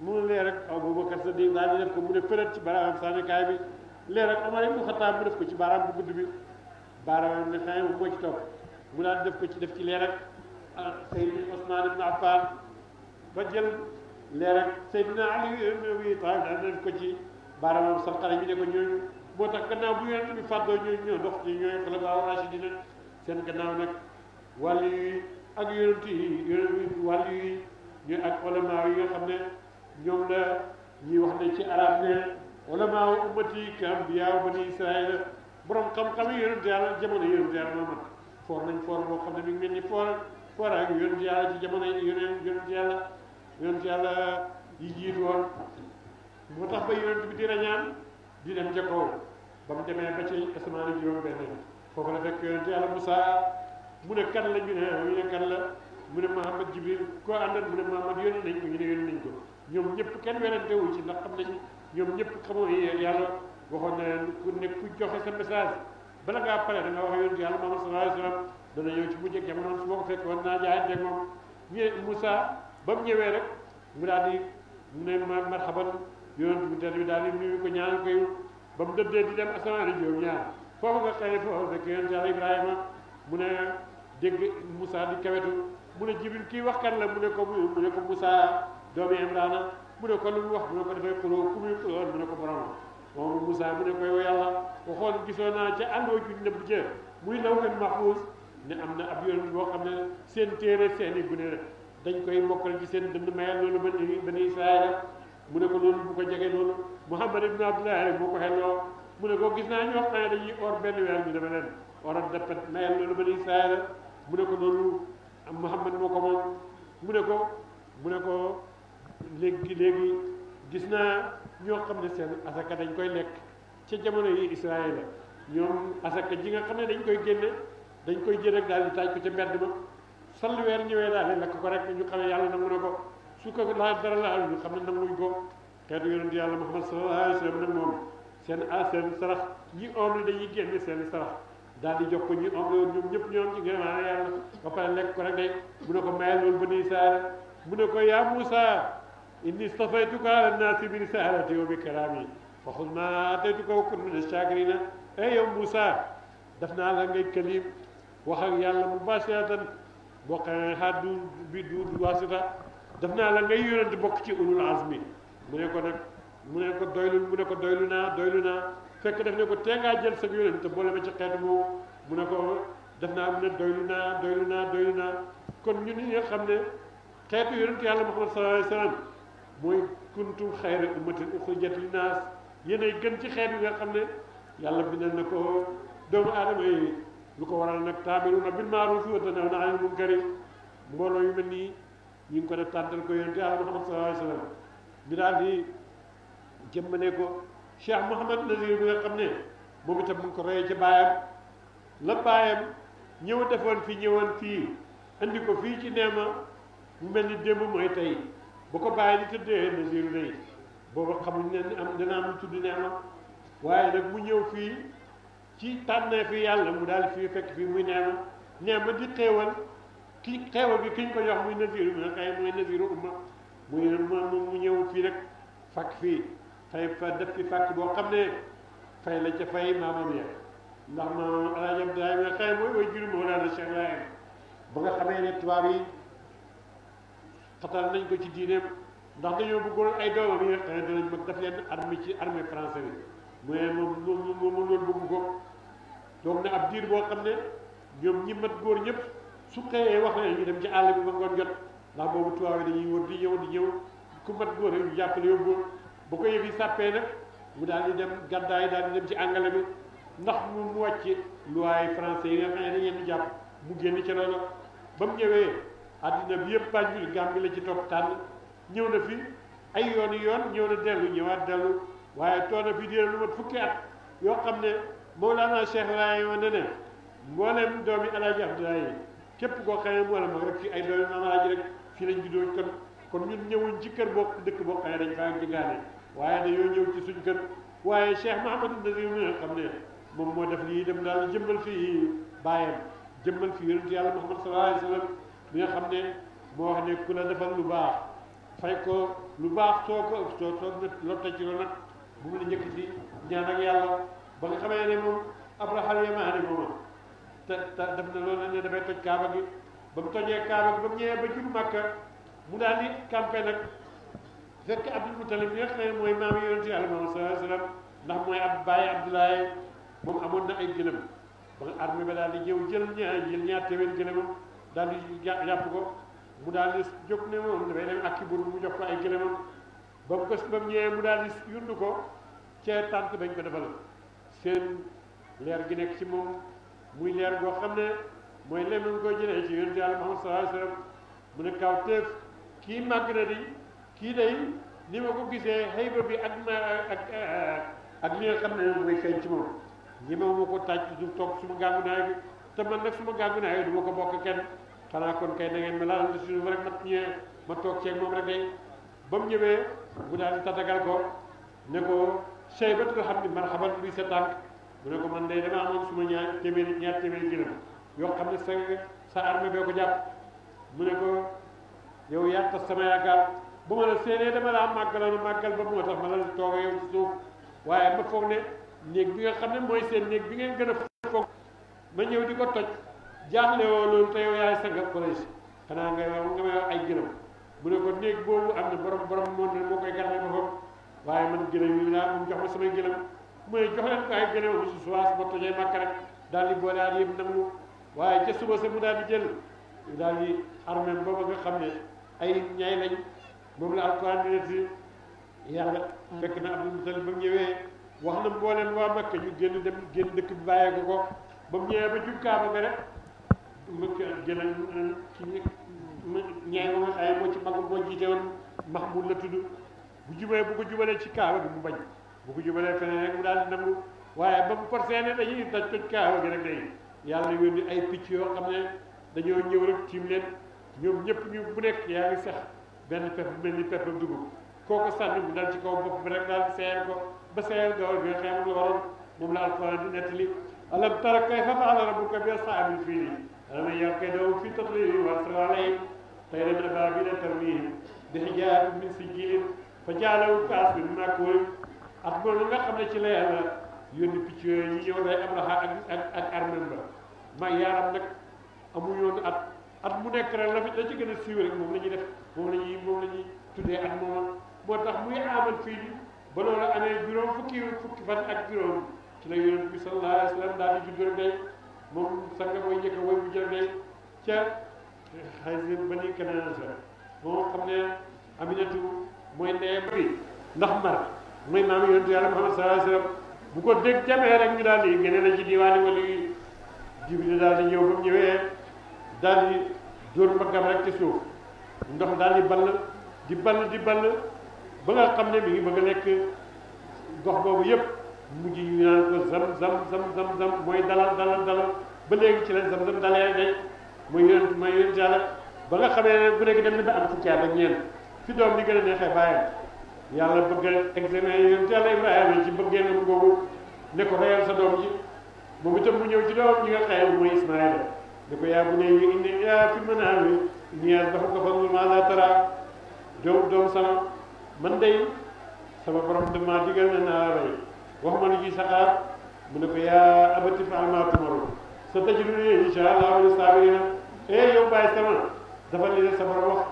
mu ne lee rek Abubakar Sadiq daal di def ko mu ne pëlët ci baaraam sànnikaay bi lee rek Omar ibnu Xattaab mu def ko ci baaraam bu gudd bi baaraam ne xëy moo ci topp mu daal def ko ci def ci lee rek ah, Seydina Osmaan ibnu Affaan ba jël leeral Seydina Ali ibn Abi Talib daal nañ ko ci baaraamam sax xale bi ne ko ñooñu moo tax gannaaw bu yonent bi fàddoo ñooñu ñoo dox ci ñooy xulafaa raasidiin seen gannaaw nag wàll yi ak yonent yi yonent wàll yi ñooy ak olamaa yi nga xam ne ñoom la ñuy wax ne ci arab ne olamaa ummati ka ambiyaa bani Israayil borom xam-xam yi yonent yàlla jamono yonent yàlla moo mat foor nañ foor boo xam ne mi ngi mel ni foor foor ak yonent yàlla ci jamono yonent yàlla yonent yàlla yi jiitu woon moo tax ba yonent bi di rañaan di dem ca kaw ba mu demee ba ci asamaan juróom benn foofu la fekk yonent yàlla Musaa mu ne kan la ñu ne ñu kan la mu ne Muhammad Jibril koo àndal mu ne Muhammad yónni nañ ko ñu ne nañ ko ñoom ñëpp kenn werante wu ci ndax xam nañ ñoom ñëpp xamoo yàlla waxoon na leen ku ne ku joxe sa message bala ngaa pare da nga wax yonent yàlla Muhammad sallallahu alayhi wa sallam dana ñëw ci mujj ak jamono su ma ko fekk woon naa jaayante moom ba mu ñëwee rek mu daal di mu ne marxaban yonent bi tedd bi daal di nuyu ko ñaan koy ba mu dëddee di dem asamaan juróom ñaar foofu nga xëy foofu ne kawetu mu ne Jibril kii wax kan ne ko mu ne ko Moussa doomi Imraana mu ne ko lu mu wax mu ne ko dafay xuloo ku muy xuloo mu ne ko borom moom Moussa mu ne ko yàlla waxoon gisoo naa ca àndoo ju nëbb ca muy lawhul mahfuus ne am na ab yoon boo xam ne seen téere seeni i gune rek dañ koy mokkal ci seen dënd mayal loolu ba ni ba ni Israël mu ne ko loolu bu ko jege loolu Muhammad ibn Abdullah rek boo ko xelloo mu ne ko gis naa ñoo xam ne benn weer ñu dama leen orat dapat mayal loolu ba ni Israël mu ne ko loolu Muhammad moo ko moom mu ne ko mu ne ko léegi léegi gis naa ñoo xam ne seen asaka dañ koy lekk ca jamono yi Israël ñoom asaka ji nga xam ne dañ koy génne dañ koy jël rek daal di taaj ko ca mbedd ma sallu weer ñëwee daal nak ko rek ñu xamé yalla nangul ko su ko laa dara laa ñu xam ne nanguñ ko xeetu yonent yalla muhammad sallallahu alayhi wasallam nak mom moom seen a sarax ñi oom dañuy genn seen sarax daal di jox ko ñi oom loolu ñoom ñëpp ñoom ci gëna a yàlla ba pare lekk ko rek day mu ne ko mayal loolu bani saar mu ne ko ya musa inni istafaytuka ala naasi bi risalati wa bi karami fa xud ma ataytuka wa kun min ash-shakirin ay yow musa dafna la ngay kelim wax ak yàlla mu baasiyatan bokk na xaar du bi du wasita def naa la ngay yonent bokk ci ulul azmi mu ne ko nag mu ne ko doylu mu ne ko naa doylu naa fekk def ne ko tee ngaa jël sa yonent te boole ma ci xeet boobu mu ne ko def naa mu ne doylu naa doylu naa doylu naa kon ñun ñi nga xam ne xeetu yonent yàlla Muhammad sallallahu alayhi wasallam mooy kuntum xayra ummatin uxrijat linnaas yéenay gën ci xeet yi nga xam ne yàlla bindal na ko doomu aadama yi lu ko waral nag taamiruuna bil maaruufi wa tanhawna anil munkari mbooloo yu mel nii ñu ngi ko def tàntal ko yonent Yàlla Muhammad sallallahu alayhi wa sallam ñu daal di jëmmane ko Cheikh Mouhamad Nazir bi nga xam ne moom itam mu ngi ko royee ci baayam la baayam ñëw defoon fi ñëwoon fii andi ko fii ci neema mu mel ni démb mooy tey bu ko bàyyi di tëddee Nazir day booba xamuñ ne am dina am tudd neema waaye nag mu ñëw fii ci tànnee fi yàlla mu daal fi fekk fii muy neema neema di xéewal ki xéewal bi kiñ ko jox muy naziru mu kay mooy naziru umma muy mu ñëw fii rek fàkk fii fay fa def fi fàkk boo xam ne fay la ca fay maamam ya ndax maamam alaaji Abdoulaye nga xëy mooy way juru Mawlana Cheikh Ibrahim ba nga xamee ne tubaab yi xatal nañ ko ci diineem ndax dañoo bëggoon ay doomam yi nga xam ne danañ mag daf leen armée ci armée française bi mu ne moom moom loolu bëgg ko toog na ab diir boo xam ne ñoom ñi mat góor ñëpp su xëyee wax nañu ñu dem ci àll bi ba ngoon jot ndax boobu tubaab yi dañuy wër di ñëw di ñëw ku mat góor ñu jàppale yóbbu ba ko yëf yi sàppee nag mu daal di dem gàddaay daal di dem ci angale bi ndax mu mu wàcc loi français yi nga xam ne dañu leen di jàpp mu génn ca loola ba mu ñëwee àddina bi yëpp Banjul Gàmbi la ci topp tànn ñëw na fi ay yoon yoon ñëw na dellu ñëwaat dellu waaye toog na fi diiram lu mat fukki at yoo xam ne Mawlana Cheikh Ibrahima woon na ne mboolem doomi Alaaji Abdoulaye yi képp koo xam ne moo la mag rek ci ay doomi maam rek fii lañ juddoo kon kon ñun ñëwuñ ci kër boo dëkk boo xam ne dañ faa jëgaane waaye dañoo ñëw ci suñ kër waaye Cheikh Mahamadou Nazir mi nga xam ne moo def lii dem daal jëmbal fii bàyyam jëmbal fii yonent yàlla Muhammad sallallahu alayhi nga xam ne moo wax ne ku la defal lu baax fay ko lu baax soo ko soo soo lotta ci loolu nag mu ngi la njëkk ci ñaan ak yàlla ba nga xamee ne moom abraham yamaani mooma te te def na loolu ne dafay toj kaaba gi ba mu tojee kaaba gi ba mu ñëwee ba jub màkka mu daal di campé nag fekk abdul mutalib nga xam ne mooy maam yonent yàlla moom ndax mooy ab bàyyi abdoulaye moom amoon na ay gëlëm ba nga armée ba daal di jëw jël ñaar jël ñaar téwéen gëlëmam daal di jàpp ko mu daal di jóg ne moom dafay dem akki bur mu jox ko ay boobu ko si ba mu ñëwee mu daal di yund ko cee tànt bañ ko defal seen leer gi nekk ci moom muy leer goo xam ne mooy leen mu koy jëlee ci yonent yàlla Muhammad sallallahu alayhi wasallam mu ne kaw teef kii màgg na di kii day ni ma ko gisee xëyba bi ak ma ak ak li nga xam ne mooy feeñ ci moom ñi ma ma ko tàcc du toog suma gàngu naay bi te man nag suma gàngu naay du ma ko bokk kenn xanaa kon kay na ngeen ma laalal suñu rek ma ñëwee ma toog ceeg moom rek day ba mu ñëwee mu daal di tatagal ko ne ko shaybatul hamdi marhaban luy sa tànk mu ne ko man day dama amoon suma ñaar téeméeri ñaar téeméeri gërëm yoo xam ne sa sa armée bee ko jàpp mu ne ko yow yaa sama yaakaar bu ma la séenee dama laa màggaloon màggal ba moo tax ma la toog yow ci suuf waaye ma foog ne néeg bi nga xam ne mooy seen néeg bi ngeen gën a foog ma ñëw di ko toj jaaxle woo loolu te yow yaay sanga Quraysh xanaa nga nga may ay gërëm mu ne ko néeg boobu am na borom borom moom ne moo koy garde boppam waaye man gëlëm yi laa mu jox ma samay gëlëm mu ne jox leen ko ay ma tojee màkk di boole yëpp nangu waaye ca suba sa mu daal di jël daal di armem booba nga xam ne ay ñay lañ moom la alquran bi neti yàlla fekk na Abdul ba mu ñëwee wax na mbooleem waa Makka ñu génn dem génn dëkk bi bàyyee ko ko ba mu ñëwee ba jub Kaaba ga mu gën a ci ñaay ma nga xaye moo ci magam moo jiite la tudd bu jubee bu ko jubalee ci kaaba bi mu bu ko jubalee feneen rek mu daal di nangu waaye ba mu forcé ne dañuy daj toj kaaba gi rek day yàlla yónni ay picc yoo xam ne dañoo ñëw ñëpp ñu bu nekk yaa ngi sax benn pepp mel ni pepp dugub kooku sànni mu dal ci kaw bopp bi rek daal bi nga xam ne la waroon moom la alquran di nettali alam tara طير الابابيل ترميهم بحجاب من سجيل فجعله كاس من ماكول اقبل لنا خمنا ci leena yoni picc yi ñew day am raxa ak ak ak la ba ma yaram nak amu yoon at at mu nekk rek la fi la ci gën siiw rek moom la ñuy def moom la ñuy moom la ñuy tuddee at moom moo tax muy amal fii bi ba loolu amee juróom fukki fukki fan ak juróom ci la yonent bi sallallahu alayhi wa sallam daal di judd rek day moom sanga mooy njëkk a woy bu jël day ca xëy ba ni keneen sa moo xam ne aminatu mooy ndeyam bi ndax mar mooy maam yontu yàlla Muhammad sallallahu alayhi wasallam bu ko dégg jamee rek ñu daal di gëne la ci diwaani wala yi Jibril daal di ñëw ba mu ñëwee daal di dóor mbaggam rek ci suuf ndox daal di ball di ball di ball ba nga xam ne mi ngi bëgg a nekk gox boobu yépp mujj ñu naan ko zam zam zam zam zam mooy dalal dalal dalal ba léegi ci la zam zam dalee day muy yonent may yonent yàlla ba nga xamee ne bu nekk dem na ba am fukki at ak ñeent fi doom di gën a neexee bàyyam yàlla bëgg a examen yonent yàlla ibrahima ci bëggee na boobu ne ko reyal sa doom ji moom itam mu ñëw ci doom ñi nga xayal mooy ismaila ne ko yaa bu ne yi indi yaa fi mën a amee ni yàlla dafa ko fangul maa laa tara doom doom sama man day sama borom digal na naa rey wax ma ci saxaar mu ne ko yaa abati fa sa tajru insha allah wa saabirina eh yow bàyyi sama dafa li ne sa borom wax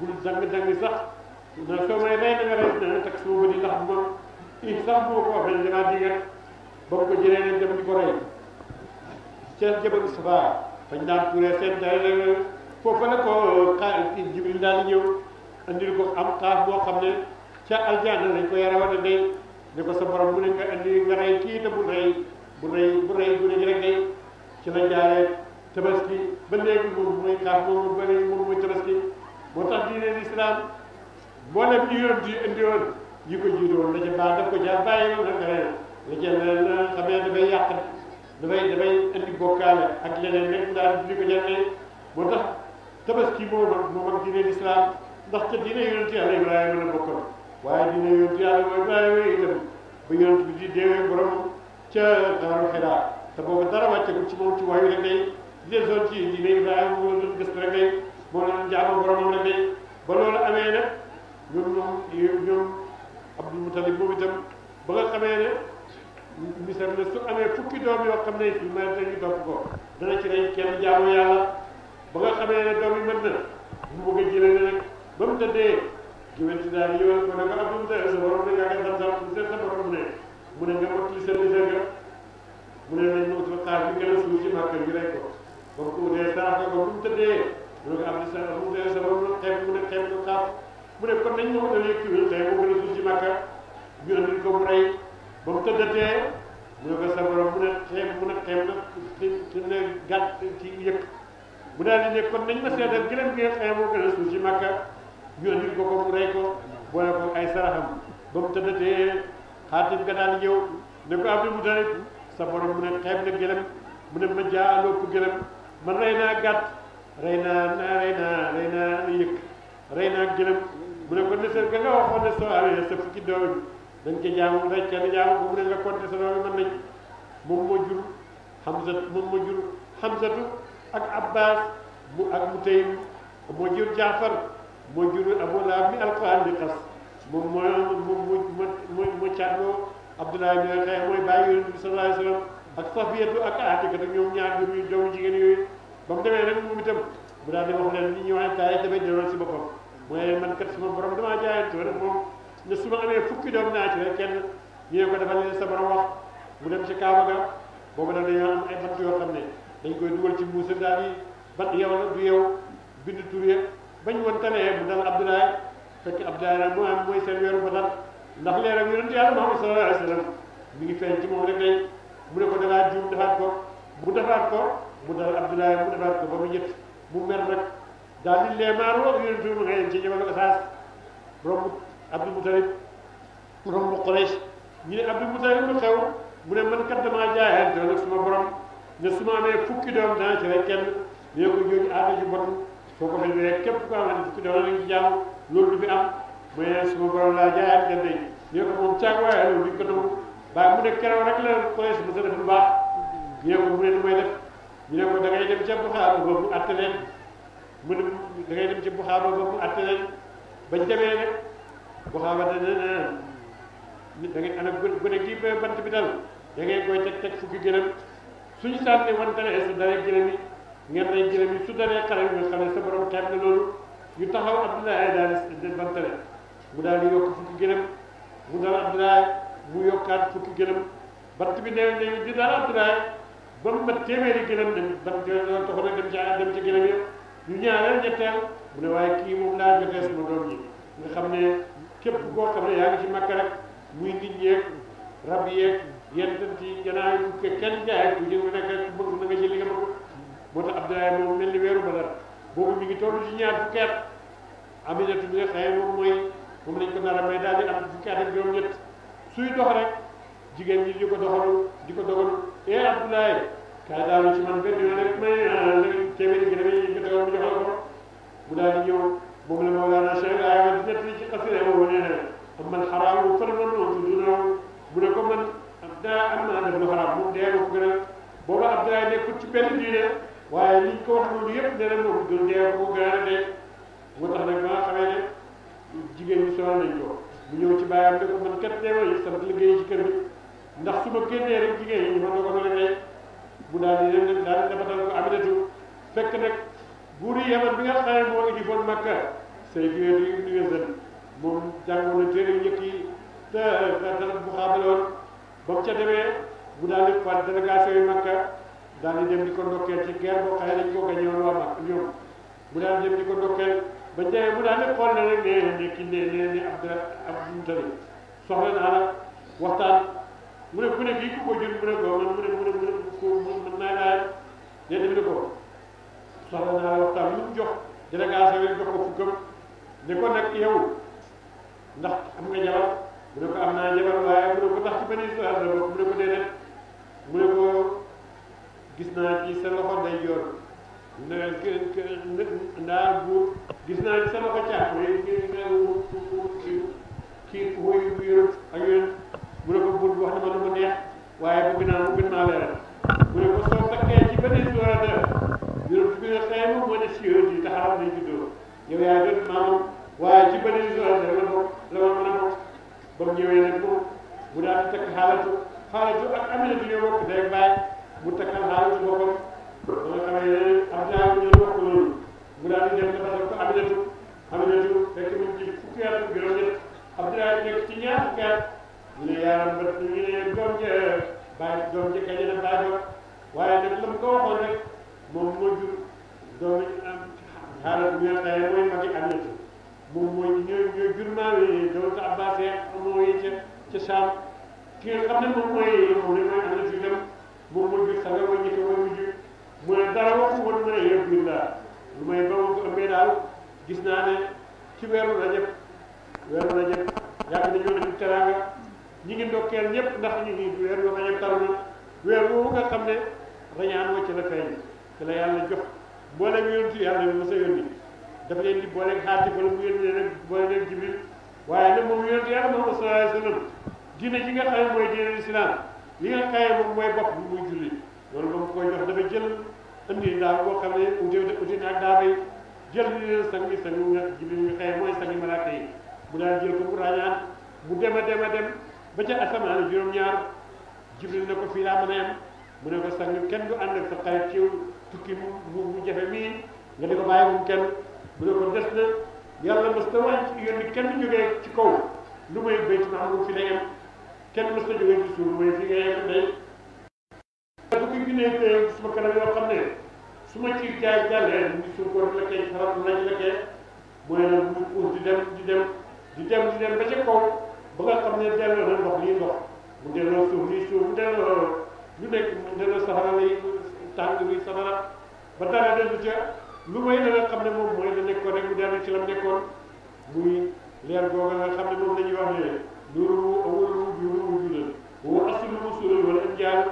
bul dangi-dangi sax na soo may rey na nga rey na teg sama bëri ndax bu i sax bu ko waxee dangaa di ngat ca jabaru saba fañ daan turee seen day la foofa la ko xaar jibril daal di ñëw andil ko am xaaf boo xam ne ca aljaana lañ ko yarawane day ne ko sa borom ne nga andi nga bu rey bu rey bu rey bu ne rek ci la jaaree tabaski ba léegi moom mooy xaaf moom mooy bëri moom mooy tabaski moo tax diine di indi woon yi ko jiitu woon la ca baax daf ko caa bàyyi woon nag ren la ca leen xamee dafay yàq dafay dafay indi bokkaale ak leneen rek daal di ko jàppee moo tax tabaski moom ak moom ak diine lislaam ndax ca diine yonent yàlla Ibrahima la bokkoon waaye diine yonent yàlla Ibrahima itam ba yonent bi di deewee borom ca daaru Xiraa te boobu dara wàcce ko ci moom ci waayu rek day. gisoon ci diine Ibrahima moom la doon gëstu rek day moom la doon jaamu boromam rek day ba loolu amee nag ñoom ñoom ñoom Abdul Mutalib boobu itam ba nga ne misal la su amee fukki doom yoo xam ne fi ma dañu topp ko dana ci rey kenn jaamu yàlla ba nga xamee ne doom yi mën na mu bëgg a jëlee nag mu tëddee jiwén si daal yow ko ne ko Abdul Mutalib sa borom ne ko sam sam seen sa borom ne mu ne ma xaar bi a suuf ci màkk ko ba mu uutee saako ba mu tëddee loolu na sa mu uutee sa ba ma utal yëkkëwul tey gën a suuf ci màkka ñu andil ko mu ne ko ne xeeb na te ne gàtt ci yëkk mu daal gën a suuf ci màkka ñu ko ko mu rey ko boole ay saraxam ba mu tëddatee xaatim nga daal ñëw ne ko Abdul Mutalib sa borom mu ne xeeb na gëlëm mu ne ma jaaloo ko gëlëm man rey naa gàtt rey naa naa rey naa rey naa yëg rey naa gëlëm mu ne ko ne sa ga nga waxoon ne soo amee sa fukki doom yi dañ ca jaamu rey kenn jaamu bu mu ne nga compter sa doom yi mën nañ moom ak Abbas mu ak Mutayib moo jur Jaafar moo jur Abu mi alquran di xas moom moo moom bi nga xëy mooy bàyyi yonent bi sallallahu alayhi wa sallam ak Safiyatu ak Aatika ñoom ñaar ñu doomu yooyu ba mu demee nag moom itam mu daal di wax leen li ñuy waxee taa yi tamit delloo si boppam mu ne man kat suma borom damaa jaayantoo rek moom ne su ma amee fukki doom naa ci rek kenn ñu ne ko dafa leen sa borom wax mu dem ci kaaba ga boobu nag dañoo am ay bant yoo xam ne dañ koy dugal ci muusa daal di bant yow la du yow bind tur yëpp bañ woon tanee mu dal abdoulaye fekk abdoulaye nag moo am mooy seen weeru ba dal ndax leeram yonent yàlla Muhammad sallallahu alayhi wa sallam mi ngi feeñ ci moom rek day mu ne ko dangaa juum defaat ko mu defaat ko mu dal Abdoulaye mu defaat ko ba mu ñett mu mer nag daal di nga yéen ci jamono Asaas romb mu ne man kat damaa jaayante nag suma borom ne su ma amee fukki doom dana ci rek kenn nee ko jooju aada ju bon soo ko defee rek képp ku fukki doom la ñu jàmm loolu du am mu ne suma borom laa jaayante ne nee ko moom caag waaye loolu duñ ko nangu waaye mu ne keroog rek la Quraysh mos a def lu baax nee ko mu ne lu may def. ñu ne da ngay dem ca buxaaba mu atte da ngay dem ca buxaaba ba mu atte leen bañ demee nag buxaaba dana da ngay ana ba bant bi dal da ngay koy teg teg fukki gëlëm suñu sànni wantale su daree gëlëm yi ngeen day gëlëm yi su daree xale yi nga xam ne sa borom xeeb ñu taxaw abdoulaye daal bantale mu daal di yokk fukki gëlëm mu dal abdoulaye mu yokkaat fukki gëlëm bant bi nee nañu di daal abdoulaye ba mu mat téeméeri gëlëm dañ ba mu doon taxaw dem ca dem ci gëlëm yëpp ñu ñaareel ñetteel mu ne waaye kii moom laa joxee sama doom yi nga xam ne képp ne yaa ngi ci a may daal di am fukki at ak ñett suy dox rek jigéen ñi di ko doxalu di ko doxalu eh Abdoulaye ka daanu ci man benn yoon rek may téeméeri gi damay yëkkati woon jox ko mu daal di ñëw moom la Mawlana Cheikh Ibrahima di nettali ci xasida boobu nee na am man xaraam wu fan man noonu du noonu mu ne ko man Abdoulaye am naa def lu xaraam moom dee ko gën a booba Abdoulaye nekkul ci benn diine waaye liñ ko wax noonu yëpp nee na moom du dee ko gën a dee moo tax nag ba nga xamee ne jigéen ñi sonal nañ ko mu ñëw ci bàyyam ne ko man kat deewee sant liggéey ci kër gi ndax su ma génnee rek jigéen yi ñu mën na ko defee mu daal di leen daal di defatal ko aminatu fekk nag bu xaabaloon ba mu ca demee mu daal di dem di ko ndokkeel ci guerre boo xëy dañ ko mu daal dem di ko ndokkeel ba jaay mu daal di xool ne soxla naa la waxtaan mu ne mu ne bii ku ko jur mu ne ko man mu ne mu ne mu ne ko mën naa laaj léegi ne ko soxla naa waxtaan lu mu jox délégation yi jox ko fukkam ne ko nag yow ndax am nga jabar mu ne ko am naa jabar waaye mu ne ko ndax ci benn histoire la bokk mu ne ko déedéet mu ne ko gis naa ci sa loxo day yor ndaar bu gis naa ci sa loxo caax kii kii wuyu bu yor ak yooyu mu ne ko bul wax dama lu ma neex waaye bu binaa bu binaa leeral mu ne ko soo takkee ci beneen bi war a def yonent bi ne xëy na moo ne si yooyu yi taxaw nañ juddoo yow yaa jot maamam waaye ci beneen bi war a def la bokk la ma mën a bokk ba mu ñëwee nag moom mu daal di takk xaalatu xaalatu ak Aminata ñoo bokk day bàyyi mu takkal xaalatu boppam ba nga xamee ne am naa ñoo bokk loolu yeneen baajo waaye nag la mu ko waxoon rek moom moo jur doomi am xaaral bu ñu taye mooy magi aminatu moom mooy jur maami dawlatu abbasiya amoo yi ca ca ki nga xam ne moom mooy moom ne mooy aminatu itam moom moo jur saga mooy ñëkk mooy mujj mu ne dara waxu woon ma ne yow biir laa lu may ba ma ko ëmbee daal gis naa ne ci weeru rajab weeru rajab yàgg nañoo indi teraanga ñi ngi ndokkeel ñëpp ndax ñu ngi weeru rajab taw na weer woowu nga xam ne rañaan wacc la feeñ te la yàlla jox mboolem yonentu yàlla yu mos a yónni dafa leen di booleeg xaati wala mu yónni leen boole leen jibril waaye nag moom yonentu yàlla Muhammad sallallahu alayhi wasallam ji nga xam ne mooy diine li nga xaye moom mooy bopp bi muy julli loolu moom koy jox dafa jël indi ndaam boo xam ne uti uti naag daa bay jël li leen sangi sangi nga jibril nga xaye mooy sangi malaaka yi mu daan jël ko mu ràññaan mu dem a dem a dem ba ca asamaan juróom-ñaar jibril ne ko fii laa mën a mu ne ko sang kenn du ànd ak sa xarit ci tukki mu mu jafe nga di ko bàyyi moom kenn mu ne ko des na yàlla mas ta wàcc kenn jógee ci kaw lu may béyti ci fi la yem kenn mas ta jógee ci suuf lu may fi nga yem day tukki gi ne te suma kanam yoo xam ne su ma ci jaay jàllee ñu suuf ko la kay xarab la ci la kay mooy nag mu uus di dem di dem di dem di dem ba ca kaw ba nga xam ne delloo na ndox lii mu delloo suuf nii suuf mu delloo lu nekk mu safara lay tàng bi safara ba dara dellu ca lu may la nga xam ne moom mooy la nekkoon rek mu dellu ci la mu nekkoon muy leer googa nga xam ne moom la wax ne nuuru awwaluhu nuuru wujudan wa asluhu usulun wal anjaal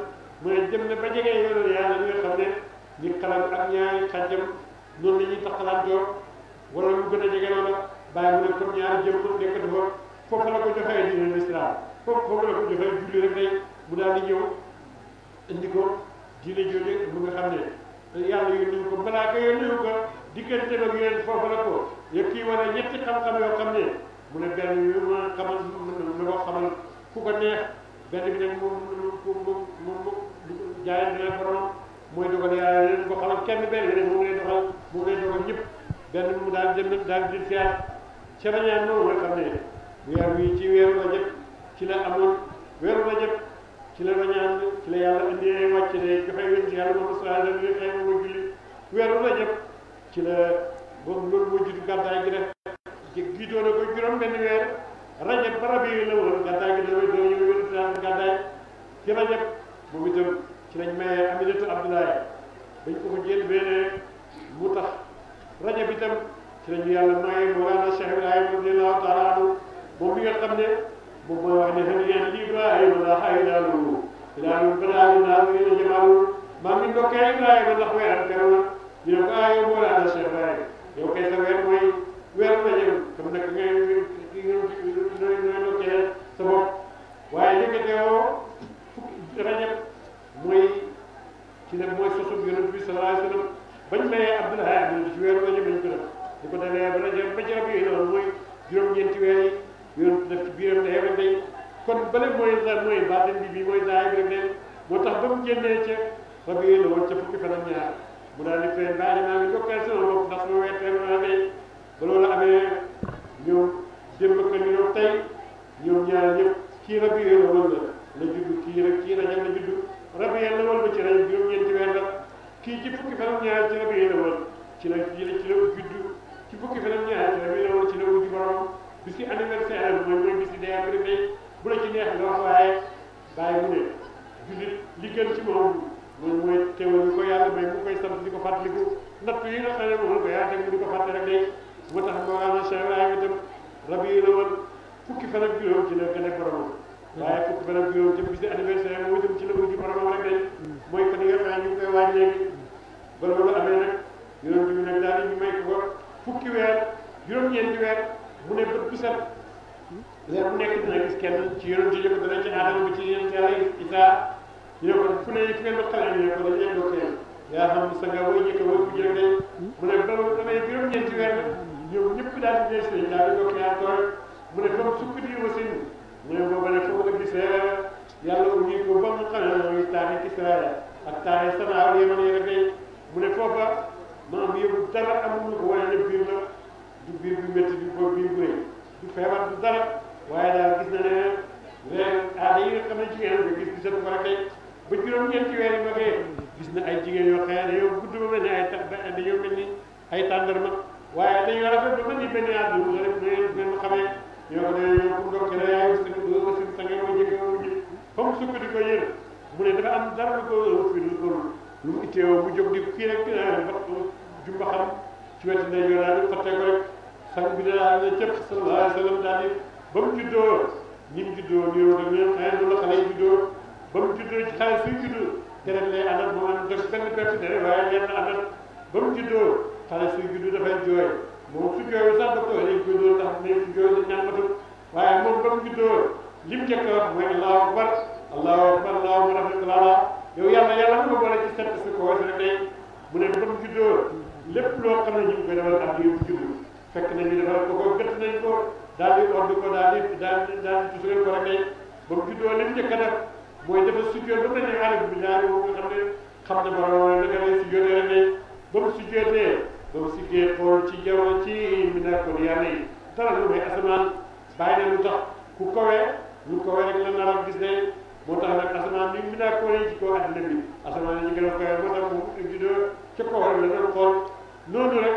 mu ne dem na ba jege yoonu yàlla li nga xam ne ni xalam ak ñaari xajjam noonu la ñuy taxalaat joo wala lu gën a jege loola bàyyi mu ne comme ñaari jëm nekk dafa foofu la ko joxee dina lislaam kooku kooku la ko joxee julli rek ne mu daal di indi ko diine jooju mu nga xam ne yàlla yónni ko malaaka yónni ko diggante ak yéen foofu la ko yëpp kii wane ñetti xam-xam yoo xam ne mu ne benn yu ma xamal xamal bi nag moom ko xamal kenn benn bi nag doxal moom lay dogal ñëpp benn mu daal dem daal di seet ca bañaan nga xam ne weer wi ci weeru ba jëpp ci la amoon weeru rajab ci la rañaan ci la yàlla indi ay wàcc ne ci yàlla ma julli weeru rajab ci la boobu loolu moo jiitu gi rek gi doon na ko juróom benn weer rajab ba rabi yi la woon gi rajab moom itam ci lañ mayee Aminatu Abdoulaye bañ ko ko jël rajab itam ci lañu yàlla mayee Mawlana Cheikh Ibrahima radiyallahu taala anhu moom mi nga xam ne moom mooy wax ne fa ngeen ci Ibrahima ndax ay laalu laalu balaalu laalu yéen a jamaalu maa ngi ndokkee Ibrahima ndax weeram teew na ñu ne ko ah yow moo laa Cheikh Ibrahima yow kay sa weer mooy weeru la jëm comme nag ngay ngay ngay ndokkee sa bopp waaye li nga teewoo fukki rajab mooy ci nag mooy sosub yonent bi sallallahu alayhi wa sallam bañ mayee Abdoulaye Abdoulaye ci weeru la jëm lañ ko def di ko dalee ba rajab ba ci rabi yi noonu mooy juróom-ñeenti weer yi yonent def ci biiram day rek day kon bale mooy mooy baatin bi bii mooy daay bi rek day moo tax ba mu génnee ca rabi la woon ca fukki fan ak ñaar mu daal di fee baax naa ngi jokkal sama bopp ndax ma wettee ma amee ba loolu amee ñoom démb ko ñoom tey ñoom ñaar ñëpp kii rabi la woon la la juddu kii rek kii rajal la juddu rabi la woon la ci rajal juróom-ñeenti weer la kii ci fukki fan ak ñaar ci rabi la woon ci la ci la ci la juddu ci fukki fan ak ñaar ci rabi la woon ci la wujju borom bis ci mooy mooy bis ci day am réveil bu la jullit li gën ci moom mooy mooy teewal ko yàlla may mu koy sant di ko fàttaliku natt yi nga xam ne moom ko yaa teg mu di ko fàtte rek léegi moo tax Mawalana Cheikh Ibrahima itam rab yi la woon fukki ci la gën a boromam juróom-ñeenti weer mu ne bët bu set weer bu nekk dina gis kenn ci yonent yi ko dana ci aadama bi ci yonent yàlla Isaa ñu ne ko fu ne fu ngeen doon xale ñu mu ne ba damay juróom-ñeenti weer ñoom ñëpp daal di mu mu ne booba ne foofu la gisee yàlla ko ngi mu xamee mu ne foofa yëpp dara amul lu ko wane ne du biir bu métti du boobu biir bu rëy du feebar du waaye daal gis na ne weer aada yi nga xam jigéen nga gis gisatu ko rek ba juróom-ñeenti weer yi ma koy gis na ay jigéen yoo xëy dañoo gudd ba mel ay dañoo mel waaye dañoo rafet ba mel ni benn aada bu nga def ngeen ma xamee ñoo ko dañoo ñëw pour ndokkee da yaay seen doo seen sange ma njëkk ma mujj ko yéen mu ne dafa am dara lu ko fi lu ko lu mu itteewoo mu jóg di kii rek jumba xam ci wetu ne ñoo daal di fàtte ko rek sang bi daa ne cëpp sallallahu alayhi wa sallam daal di ba mu juddoo ñi mu juddoo nuyoo da ñoom xëy na la xale yi juddoo ba mu juddoo ci xale suy juddoo deret lay àndal mu am def benn perte deret waaye ñenn àndal ba mu juddoo xale suy juddoo dafay jooy moom su jooyul sax docteur dañ fekk nañ ñu defal ko ko gët nañ ko daal di ordu ko daal di daal di daal di tusuree ko rek ba mu juddoo li mu njëkk a def mooy dafa sujjoot ba mu ne xale bi ñaari woo nga xam ne xam ne borom la nga lay sujjootee rek ba mu sujjootee ba mu siggee xool ci jaww ci mi nekk kon yàlla yi dara lu may asamaan bàyyi ne lu tax ku kowee lu kowee rek la naram gis ne moo tax nag asamaan bi mi nekk kon yi ci kaw àddina bi asamaan yi ñu gën a kowee moo tax mu juddoo ca kaw rek la doon xool noonu rek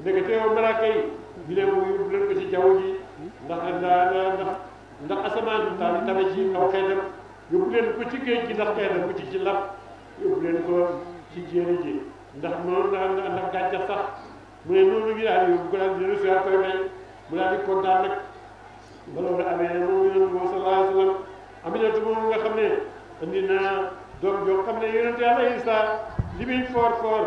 ndekete yow malaaka yi ñu leen wuyu leen ko ci jaww ji ndax ndax ndax asamaan taal tabe ci kaw xeetam yóbbu leen ko ci géej gi ndax xeetam ko ci ci lab yóbbu leen ko ci jéeri ji ndax noonu ndax ndax gàncax sax mu ne noonu ñu daal yóbbu ko daal di reçu koy may mu daal di kontaan nag ba loolu amee moom yonent moom sallallahu alayhi wa sallam aminatu moom nga xam ne andi na doom joo xam ne yonent yàlla Isa li muy foor foor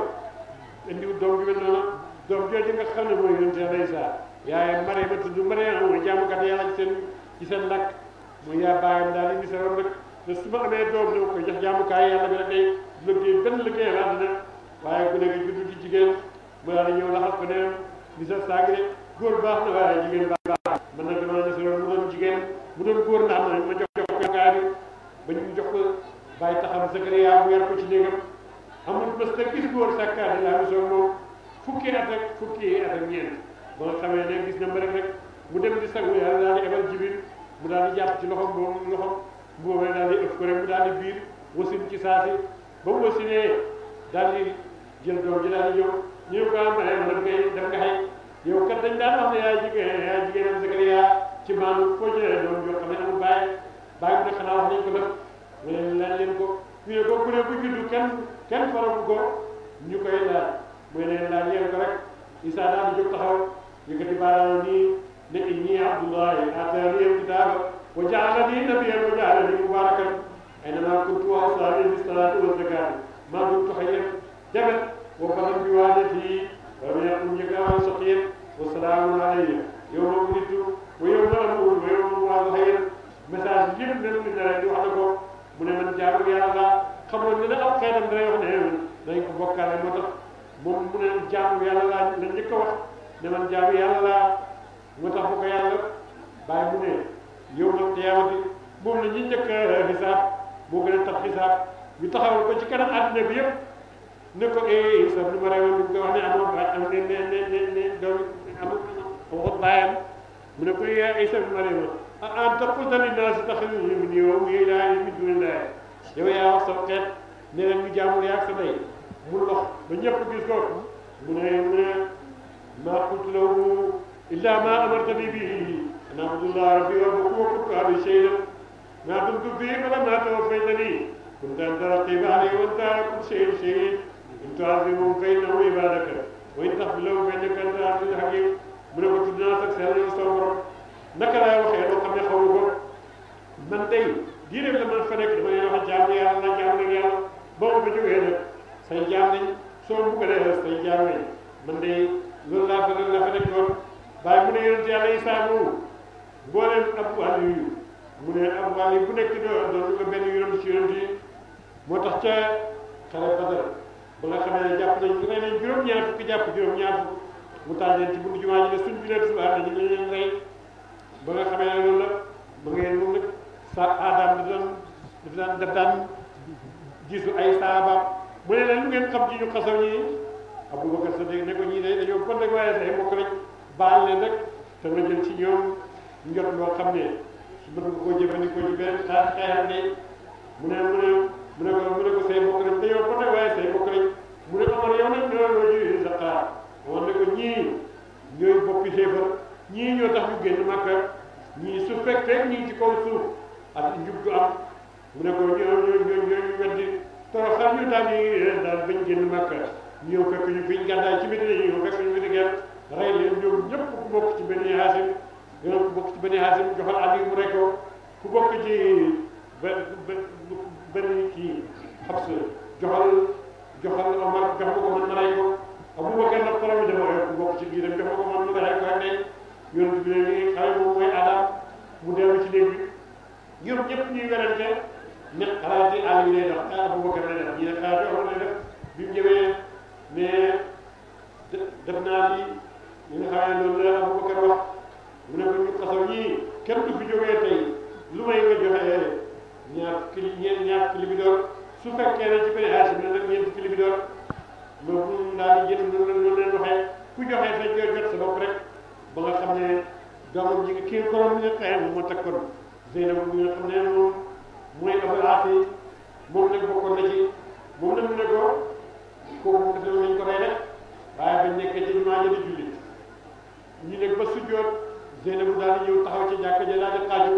indiwul doom gi mel noonu doom jooju a xam ne mooy yonent Yàlla Isaa yaayam Mariama tudd Mariama mooy jaamukat yàlla a seen ci seen lakk muy yaa baayam daal indi sa rek ne su ma amee doom ñoo koy jox jaamukaay yàlla bi rek day liggéey benn liggéey àddina waaye ku nekk juddu ci mu daal di ñëw laxas ko ne sa saag de baax na waaye jigéen baax baax man nag dama ne sa mu doon jigéen mu doon góor ndax ma ma jox jox ko kaay bi ba ñu jox ko bàyyi taxam Sakariya mu yar ko ci néegam amul parce que gis góor sàkkaat laa fukki at ak fukki at ak ñeent ba nga xamee ne gis na mbarik rek mu dem di sangu yàlla daal di ebal daal di jàpp ci loxom boobu loxom bu boobee di ëpp ko rek mu daal di biir wasin ci saasi ba mu wasinee daal di jël doom ji daal di ñëw ñu ko ah, am ay daf ngay daf nga yow kat dañ daan wax ne yaay jigéenam Sakariya ci maanu foo jëlee doom yoo xam ne amul bàyyi bàyyi wax nañ ko def mu laaj leen ko ñu ne ko ku ne bu juddu kenn kenn faragu ko ñu koy laaj muy leen laaj yéen ko rek Isa daal di jóg taxaw yëkkati baaraam nii ne inni Abdullahi aataani al-kitaaba wa ja'alani nabiyyan wa ja'alani mubaarakan aynamaa kuntu wa awsaani bis-salaati waz-zakaati maa kuntu hayyan jabat wa faran bi waalidati wa lam yakun jabaaran shaqiyyan wa salaamun alayya yawma wulidtu wa yawma amuutu wa yawma ub'athu hayyan message bi yëpp dañu bind rek di wax ne ko mu ne man jaamu yàlla xamoon ne ne aw xeetam dina wax ne dañ ko bokkaale moo tax moom mu naan jaamu yàlla laa la njëkk a wax ne man jaamu yàlla laa moo tax bu ko yàlla bàyyi mu ne yow nag xiyaamati moom la ñuy njëkk a xisaab moo gën a tax xisaab ñu taxawal ko ci kanam àddina bi yëpp ne ko eh sax lu ma rewoon li nga wax ne amoon ba am ne ne ne ne ne doom amul waxut bàyyam mu ne ko eh ay sax lu ma rewoon ah ah topp tamit naa si tax ñu ne yow yow yaa ngi fi dundee yow yaa wax sa xeet ne leen ñu jaamul yaa ak sa ndey mu dox ba ñëpp gis ko mu ne mu ne ma qultu lahu illa ma amartani bihi an abdullah rabbi rabbukum wa kuntu abi shay'an ما دمت فيه فلما توفيتني كنت انت رقيبا علي وانت على كل شيء شهيد ان تعذبهم فانه عبادك وان تغفر لهم فانك انت العزيز الحكيم mu ne ko tudd naa sax seen yow sama borom naka laay waxee loo xam ne xawu ko man tey diine la man fa nekk dama leen wax jaam yàlla jaam nag yàlla boo ma fa jógee nag say jaam lañ soo bëgg a defal say jaam man de loolu laa bëgg la fa def loolu waaye mu ne yonent yàlla Isaa moomu mbooleem ab wàll yu mu ne ab wàll yi bu nekk doon doon nga benn yonent ci yonent yi moo tax ca xare Badar ba nga xamee ne jàpp nañ ñu rey juróom-ñaar fukki jàpp juróom-ñaar mu taal leen ci buntu jumaa ne suñ bilee tisbaar dañu lañ ba nga xamee ne loolu la ba ngeen moom ay saabaam mu ne leen lu ngeen xam ci ñu xasaw ñi Abubakar Sadiq ne ko ñii day dañoo bon rek waaye say mbokk lañ baal leen rek te na jël ci ñoom njot loo xam ne su mën ko mu ne ko say mbokk lañ dañoo sa xaar wax ne ko ñii ñooy boppi xéefar ñii ñoo tax ñu génn Makka ñii su fekk rek ñii ci kaw suuf ak njub du am mu ne ko ñoo ñoo ñoo ñoo koo xam ne tamit daal bañ génn Makka ñëw fekk ñu fiñ gàddaay ci Medina ñëw fekk ñu Medina rey leen ñoom ñëpp ku bokk ci Bani Haasim gëna ku bokk ci Bani Haasim joxal Ali mu rey ko ku bokk ci ba ba bani kii Xabs joxal joxal Omar jox ko ko man ma rey ko Abubakar nag problème dama ko ku bokk ci bii dem jox ko ko man ma rey ko ak day yoon bi ne xale boobu mooy Adam mu dellu ci néeg bi ñoom ñëpp ñuy werante ndax xalaati àll bi lay dox ah Aboubacar lay def ñu ne xalaati Omar lay def bi mu ñëwee mais def naa lii ñu ne xaaral loolu la Aboubacar wax mu ne ko ñu xasaw ñii kenn du fi jógee tey lu may nga joxe ñaar kili ñeent ñaar kili bi door su fekkee ne ci benn Haasim ne nag ñeenti kili bi door loolu daal di jënd noonu leen waxee ku joxe dañ koy jot sa bopp rek ba nga xam ne doomam ji nga kii korom bi nga xeex moom moo takkoon Zeynab bi nga xam ne moom mooy abalaate yi moom nag bokkoon na ci moom nag mu ne ko kooku moom defe nañ ko rey rek waaye bañ nekk ci jumaa ja di julli ñu nekk ba sujjoot Zeynabu daal di ñëw taxaw ci jàkka ja daal di xaaju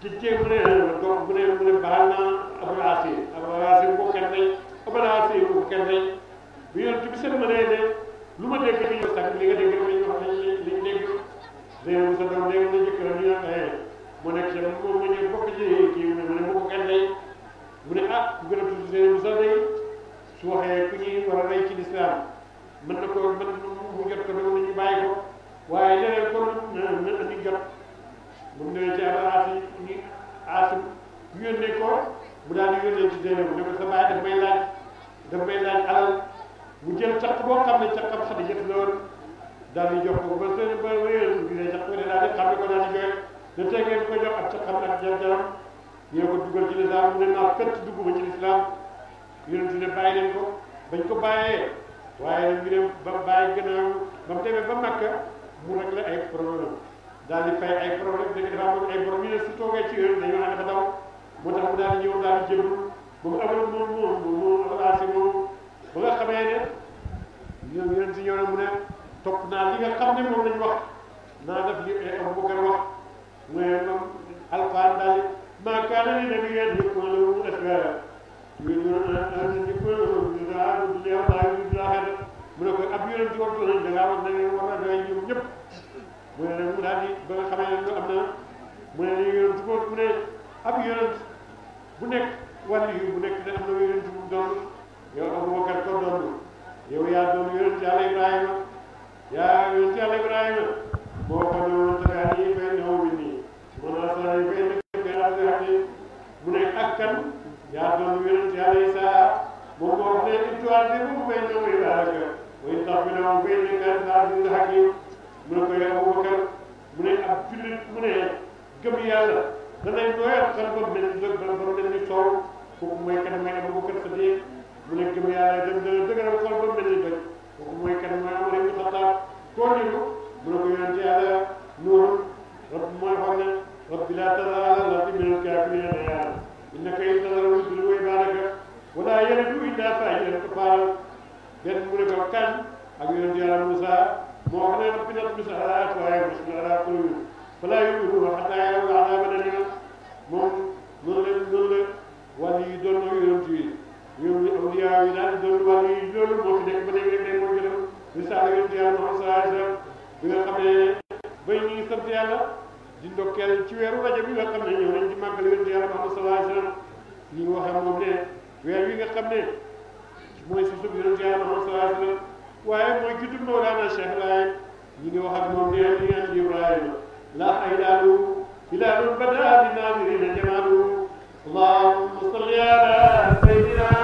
ci ceeb mu ne donc mu ne mu ne baal naa abalaate yi abalaate yi ko kenn rey abalaate yi ko kenn rey bu yor ci bi seen ma nee ne lu ma dégg bi yow sax li nga dégg li ñu wax li ñu dégg Zeynabu sa doom dégg na jëkkëram ñu naan mu nekk tam moom ma kii mu mu ko kenn mu ne ah ku gën a tuuti seen bu sax rey su waxee ku ñuy war a rey ci lislaam mën na ko mën mu jot ko doon ñu bàyyi ko waaye leneen kon na na andi bu mu newee ci ab aas yi aasum ñu yónnee ko mu daal di yónnee ci Zeynab ne ko sa baay daf may laaj daf may laaj alal mu jël caq boo xam ne caqam Xadijat lool daal di jox ko ba seen ba wéyal gisee caq ko daal di joxe ne tey ngeen ko jox ak ca xam ak jaar-jaaram ñoo ko dugal ci lislaam mu ne naa fett dugguma ci lislaam yonent ne bàyyi leen ko bañ ko bàyyee waaye nag ñu ne ba bàyyi gannaaw ba mu demee ba Makka mu réglé ay problème daal di fay ay problème dëgg dafa amoon ay borom yu ne su toogee ci yooyu dañoo ànd fa daw moo tax mu daal di ñëw daal di jéblu ba mu amoon moom moom moom alaasi moom ba nga xamee ne ñoom yonent ñoo ne mu ne topp naa li nga xam ne moom lañ wax naa def li ay Abubakar wax muhimman alquran daal ma kana li nabiyyin an yakuna lahu asra yuriduna an yakuna lahu nidaa billahi wa malaikatihi wal akhir mu ne ko ab yonent wartu nañ da ngaa wax ne war na doy ñoom ñëpp mu ne nag mu daal di ba nga xamee ne lu am na mu ne ni yonent ko mu ne ab yonent bu nekk wàllu yu bu nekk da am na yonent bu doon yow Abubakar ko doon yow yaa doon yonent yàlla Ibrahima yaa yonent yàlla Ibrahima moo ko doon kan yaa doon yonent yàlla isa bu ko wax ne victoire bi bu may ñëw yi daal ak way tax bi nag bay nekk naa di ndax ak mu ko ya bu Abubakar mu ne ab jullit mu ne gëm yàlla danay nooyal xel ba mel ni dëgg ba mel ni soow kooku mooy kan mooy Abubakar Sadiq mu ne gëm yàlla dem dana dëgëral ko ba mel ni dëgg kooku mooy kan mooy Umar ibn ko ni ko mu ne ko yonent yàlla Nuuh rabb mooy xam ne la laa tazar alal ardi minal kaafiriina dayyaara innaka in tadarhum yudillu wa ibaadaka wa laa yalidu illaa faajiran kaffaaran benn mu ne ko kan ak yonent yàlla Moussa moo wax ne rabbinaa tummis alaa amwaatihim wa ashhad alaa quluubihim falaa yu'minuuna hattaa yarawul azaabal aliim moom noonu la noonu la wàll yi doon ak yonent yi ñoom awliyaa yi daal di doon wàll yi loolu moo fi nekk ba léegi rek moo jëlam risaala yonent yàlla Muhammad sallallahu alayhi wa sallam bi nga xam ne bay ñu ngi sant yàlla di ndokkeel ci weeru rajab bi nga xam ne ñëw nañ ci màggal yonent yàlla Muhammad sallallahu alayhi wasallam ni ñu waxee moom ne weer wi nga xam ne mooy si sub yonent yàlla Muhammad sallallahu alayhi wasallam waaye mooy juddu Mawlana Cheikh Ibrahim ñu ngi wax ak moom ne li ngeen di Ibrahima la aydalu ilalu badaa bi naazirina jamaalu allahumma salli ala sayyidina